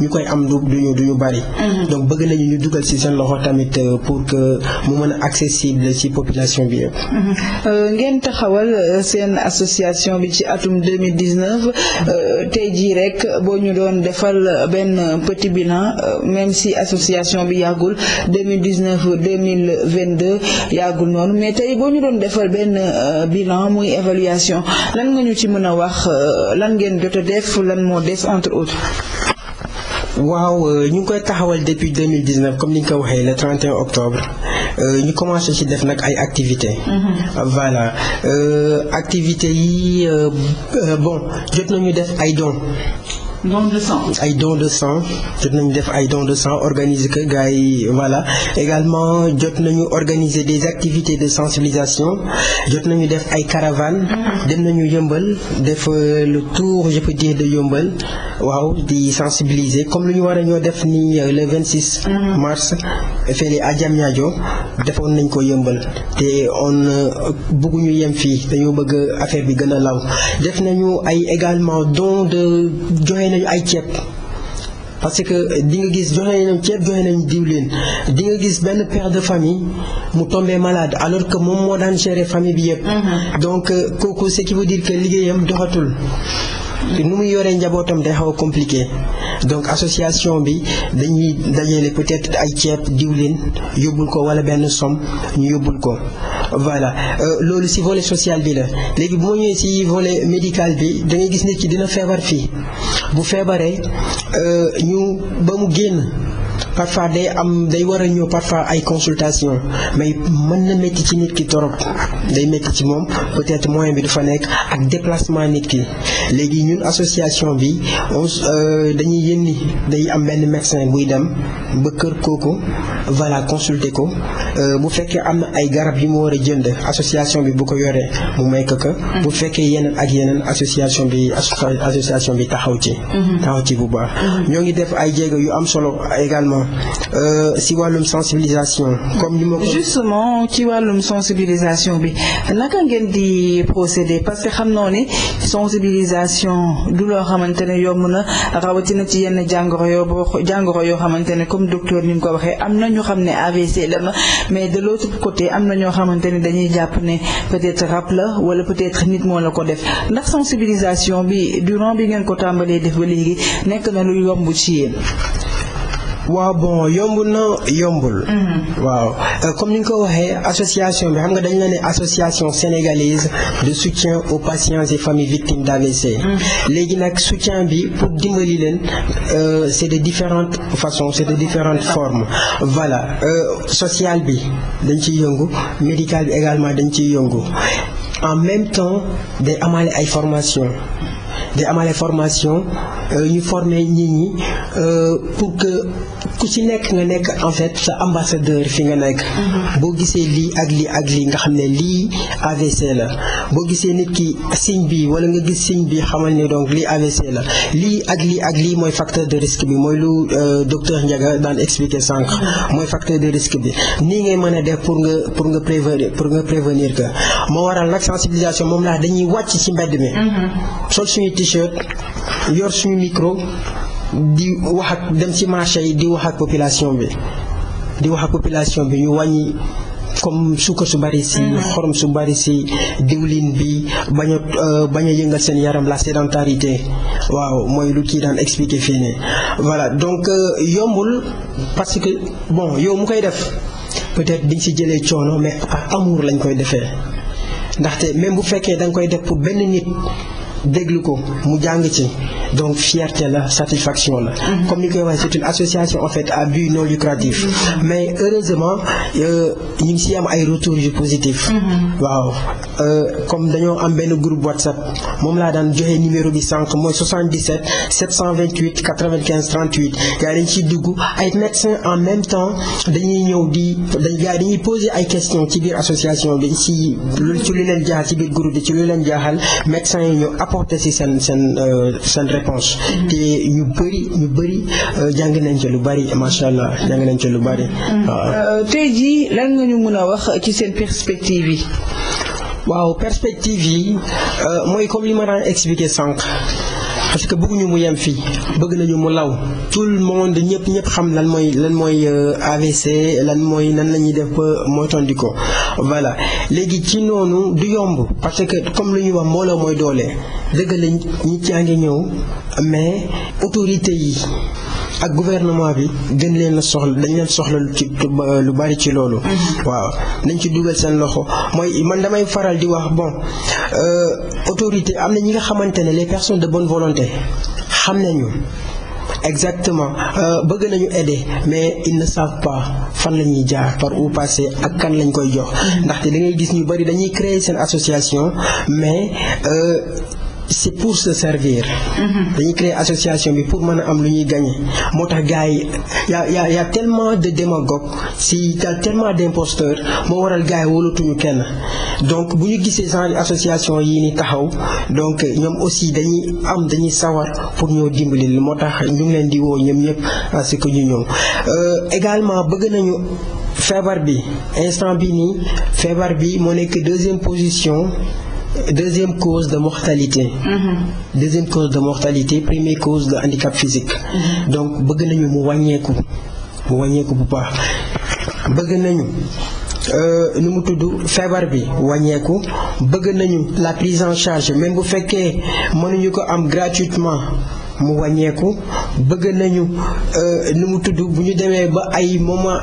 ñu koy am du ñu bari. Mm-hmm. donc bëgg nañu ñu dugal ci seen loxo tamit euh, pour que mu mën a accessible ci population bi yëpp. Mm-hmm. Euh, ngeen taxawal euh, seen association bi ci atum 2019 tey jii rek boo ñu doon defal benn petit bilan même si association bi yàggul 2019 2022 yàggul noonu mais tey boo ñu doon defal benn euh, bilan muy évaluation lan nga ñu ci mën a wax euh, lan ngeen jot a def lan moo des entre autres. waaw euh, ñu ngi koy taxawal depuis 2019 comme ni nga ko waxee le 31 octobre ñu commencé ci def nag ay activité mm-hmm. voilà activité yi bon jot nañu def ay dons. don de sang. ay don de sang jot nañu def ay don de sang organiser que gars yi voilà également jot nañu organiser des activités de sensibilisation jot nañu def ay caravanes. Mm. dem nañu yëmbal def euh, le tour je peux dire de yëmbal waaw di sensibiliser comme lu ñu war a ñoo def ni euh, le 26 mm. mars fële à Diamniadio defoon nañ ko yëmbal te on euh, bëgguñu yem fii dañoo bëgg affaire bi gën a law def nañu ay également don de joxe nañu ay ceeb parce que di nga gis joxe nañ ceeb joxe nañ diwlin di nga gis benn père de famille mu tombé malade alors que moom moo daan gérer famille bi yëpp mhm. donc euh, kooku ce qui veut dire que liggéeyam doxatul nu muy yoree njabootam day xaw a compliqué donc association bi dañuy dajale peut-être ay ceeb diwlin yóbbul ko wala benn somme ñu yóbbul ko voilà euh, loolu ci volet social bi la léegi bu ma ñëwee ci volet médical bi da gis nit ci dina feebar fii bu feebaree euh, ñu ba mu génn. parfois day am day war a ñëw parfois ay consultation mais mën na métti ci nit ki torop day métti ci moom peut-être moyen bi du fa nekk ak déplacement nit ki léegi ñun association bi on euh, dañuy yënni day am benn médecin buy dem ba kër kooku voilà consulter ko euh, bu fekkee am na ay garab yu mu war a jënd association bi bu ko yoree mu may ko ko bu fekkee yeneen ak yeneen association bi association bi taxaw ci mhm. taxaw ci bu baax mhm. ñoo ngi def ay jéego yu am solo également effectivement euh, si wàllum sensibilisation. comme ni ma ci wàllum sensibilisation bi naka ngeen di procéder parce que xam naa ne sensibilisation du loo xamante ne yomb na rawatina ci yenn jàngoro yoo boo jàngoro yoo xamante ne comme docteur ni mu ko waxee am na ñu xam ne AVC la ma mais de l'autre côté am na ñoo xamante ne dañuy jàpp ne peut-être rab la wala peut-être nit moo la ko def ndax sensibilisation bi durant bi ngeen ko tàmbalee def ba léegi nekk na lu yomb ci yéen. waaw bon yomb na yombul. Mm-hmm. waaw euh, comme ni nga ko waxee association bi xam nga dañ la ne association sénégalaise de soutien aux patients et familles victimes d' AVC. Mm-hmm. léegi nag soutien bi pour dimbali leen euh, c' est de différentes façons c' est de différentes formes voilà euh, social bi dañ ci yëngu médical bi également dañ ciy yëngu en même temps day amaale ay formation di amale formation euh, ñu former nit ñi euh, pour que ku ci nekk nga nekk en fait sa ambassadeur fi nga nekk mm-hmm. boo gisee lii ak lii ak lii nga xam ne lii AVC la boo gisee nit ki signe bi wala nga gis signe bi xamal ne donc lii AVC la lii ak lii ak lii mooy facteur de risque bi mooy lu euh, docteur Ndiaga daan expliquer sànq mm-hmm. mooy facteur de risque bi nii ngay mën a def pour nga pour nga prévenir pour nga prévenir que moo waral nag sensibilisation moom laa dañuy wàcc ci mbedd mi mm-hmm. suñuy t-shirt yor suñu micro di wax ak dem ci marché yi di wax ak population bi di wax ak population bi ñu wàññi comme suukar su bari si mm-hmm. xorom su bari si diwlin bi bañ a euh, bañ a yëngal seen yaram la sédentarité waaw mooy lu kii daan expliquer fii voilà donc euh, yombul parce que bon yow mu koy def peut-être di si jëlee coono mais par amour lañ koy defee ndaxte même bu fekkee da koy def pour benn nit déglu ko mu jàng ci donc fierté la satisfaction la. Mm-hmm. comme ni koy waxee c'est une association en fait à but non lucratif. Mm-hmm. mais heureusement euh, ñu ngi si am ay retours yu positif. Mm-hmm. waaw euh, comme dañoo am benn groupe WhatsApp moom laa daan joxe numéro bi sànq mooy 77 728 95 38 gars dañ ciy dugg ay médecins en même temps dañuy ñëw di dañ gars dañuy poser ay questions ci biir association bi ci lu ci leen jaaxal ci biir groupe bi ci lu leen jaaxal médecins yi ñëw apporter si seen seen euh, seen réponse mm-hmm. te ñu bëri ñu bëri euh, jàng nañ ci lu bari macha allah jàng nañ ci lu bari. Mm-hmm. Euh, tey jii lan nga ñu mën a wax ci seen perspective yi. waaw perspective yi mooy comme li ma daan expliquer sànq. parce que bëgguñu mu yem fii bëgg nañu mu law tout le monde ñëpp ñëpp xam lan mooy lan mooy euh, AVC lan mooy nan la ñuy def ba moytandi ko voilà léegi ci noonu du yomb parce que comme li ñuy wax mbooloo mooy doolee dëgg la ñi caa ngi ñëw mais autorité yi ak gouvernement bi gën leen la soxla dañ leen soxla lu ci lu bari ci loolu. Mm-hmm. waaw nañ ci dugal seen loxo mooy man damay faral di wax bon euh, autorité am na ñi nga xamante ne les personnes de bonne volonté xam nañu. exactement euh, bëgg nañu aider mais ils ne savent pas fan la ñuy jaar par ou passer ak kan lañ koy jox mm-hmm. ndaxte da gis ñu bari dañuy créer seen association mais. Euh, c'est pour se servir. Mm-hmm. dañuy créer association bi pour mën a am lu ñuy gagner moo tax gars yi yaa a y' a y' de démagogues si y' a tellement d'imposteurs moo waral gars yi wóolatuñu kenn donc bu ñu gisee genre association yii ni taxaw donc ñoom aussi dañuy am dañuy sawar pour ñëw dimbali moo tax ñu ngi leen di woo ñoom ñëpp à que ñu ñëw euh, également bëgg nañu. feebar bi instant bi nii feebar bi moo nekk deuxième position deuxième cause de mortalité. Mmh. deuxième cause de mortalité première cause de handicap physique. Mmh. donc bëgg nañu mu wàññeeku mu wàññeeku bu baax bëgg nañu. Euh, nu mu tudd feebar bi wàññeeku bëgg nañu la prise en charge même bu fekkee mënuñu ko am gratuitement mu wàññeeku bëgg nañu euh, nu mu tudd bu ñu demee ba ay moment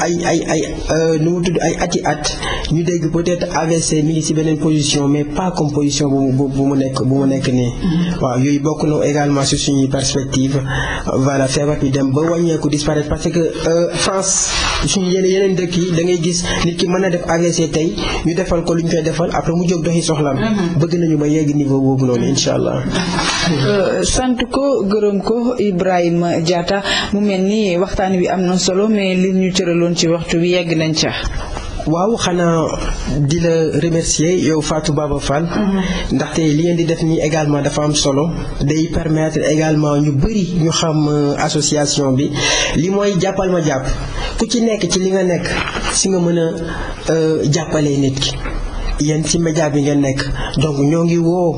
ay ay ay euh, nu mu tudd ay ati at ñu dégg peut-être AVC mi ngi ci beneen position mais pas comme position bu bu bu mu nekk bu mu nekk nii. Mm-hmm. waaw yooyu bokk na également ci suñuy perspective voilà feebar bi dem ba wàññeeku disparaître parce que euh, France suñu yeneen yeneen dëkk yi da ngay gis nit ki mën na def AVC tey ñu defal ko lu ñu koy defal après mu jóg doxi soxlaam. Mm-hmm. bëgg nañu ba yegg niveau boobu noonu mm-hmm. incha allah. Euh, sant ko gërëm ko Ibrahima Diatta mu mel ni waxtaan wi am na solo mais li ñu cëraloon jëloon ci waxtu wi yegg nañ ca. waaw xanaa di la remercier yow Fatou Baba fan mm-hmm. ndaxte li ngeen di def nii également dafa am solo day permettre également ñu bëri ñu xam euh, association bi li mooy jàppal ma jàpp ku ci nekk ci li nga nekk si nga mën a euh, jàppalee nit ki yéen ci média bi ngeen nekk donc ñoo ngi woo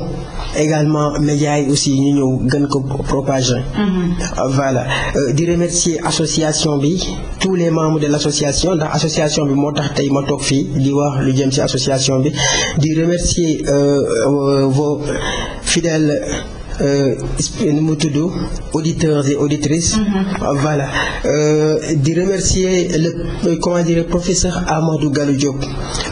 également média yi aussi ñu ñëw gën ko propager. Mm-hmm. voilà euh, di remercier association bi tous les membres de l' association ndax association bi moo tax tey ma toog fii di wax lu jëm ci association bi di remercier euh, euh, vos fidèles. Euh, nu mu tudd auditeurs et auditrices. Mm-hmm. voilà euh, di remercier le euh, comment dire professeur Amadou Gallo Diop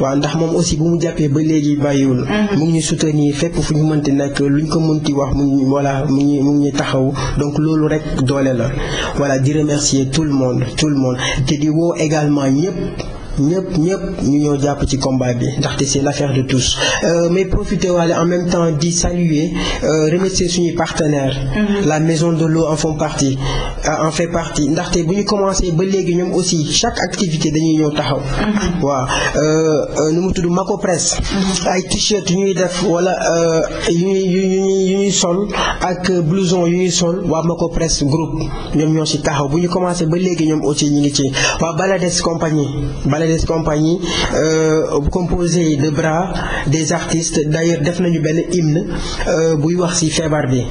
waaw ndax moom aussi bu mu jàppee ba léegi bàyyiwul. Mm-hmm. mu ngi ñu soutenir fekk fu ñu mënti nekk luñ ko mënti wax mu ngi voilà mu ngi mu ngi taxaw donc loolu rek doole la voilà di remercier tout le monde tout le monde te di woo également ñëpp. ñëpp ñëpp ñu ñoo jàpp ci combat bi ndaxte c'est l'affaire de tous euh, mais profité waale en même temps di saluer euh, remercier suñuy partenaire mm-hmm. la maison de l'eau en font partie en fait partie ndaxte bu ñu commencé ba léegi ñoom aussi chaque activité dañuy ñëw taxaw. Mm-hmm. waaw euh, nu mu tudd Mako Press. Mm-hmm. ay yu ñuy def wala yu ñuy yu ñuy sol ak blouson yu ñuy sol waa Mako Press groupe ñoom ñoo ci taxaw bu ñu commencé ba léegi ñoom aussi ñu ngi ci waa Balades compagnie Balades Brothers Company euh, composé de bras des artistes d'ailleurs def nañu benn hymne euh, buy wax ci feebar bi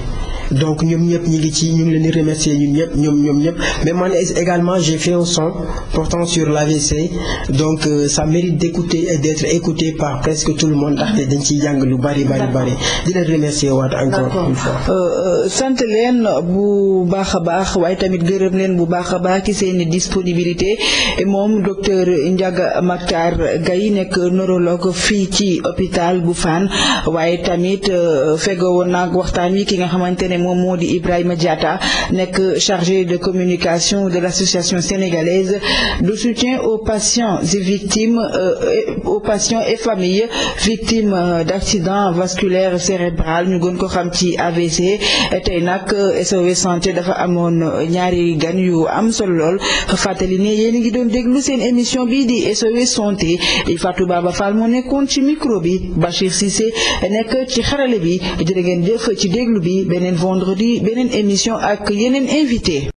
donc ñoom ñëpp ñu ngi ci ñu ngi leen di remercier ñun ñëpp ñoom ñoom ñëpp mais man également j'ai fait un son portant sur l'AVC donc euh, ça mérite d'écouter et d'être écouté par presque tout le monde ndaxte dañ ciy jàng lu bari bari bari di leen remercier waat encore une euh, euh, sant leen bu baax a baax waaye tamit gërëm leen bu baax a baax ci seen disponibilité moom docteur Ndiaga Mactar gay nekk neurologue fii ci hôpital bu fan waaye tamit euh, fegoo woon naag waxtaan wi ki nga xamante ne moom moo di Ibrahima Diatta nekk chargé de communication de l'association sénégalaise de soutien aux patients et victimes euh, aux patients et familles victimes euh, d'accident vasculaire cérébral ñu gën ko xam ci AVC tey nag SOS euh, santé dafa amoon ñaari gan yu am solo lool fàttali ne yéen a ngi doon déglu seen émission bii di SOS santé Fatou Baba Fall moo nekkoon ci micro bi Bachir Cissé nekk ci xarale bi jërë ngeen ci déglu bi beneen vendredi beneen émission ak yeneen invité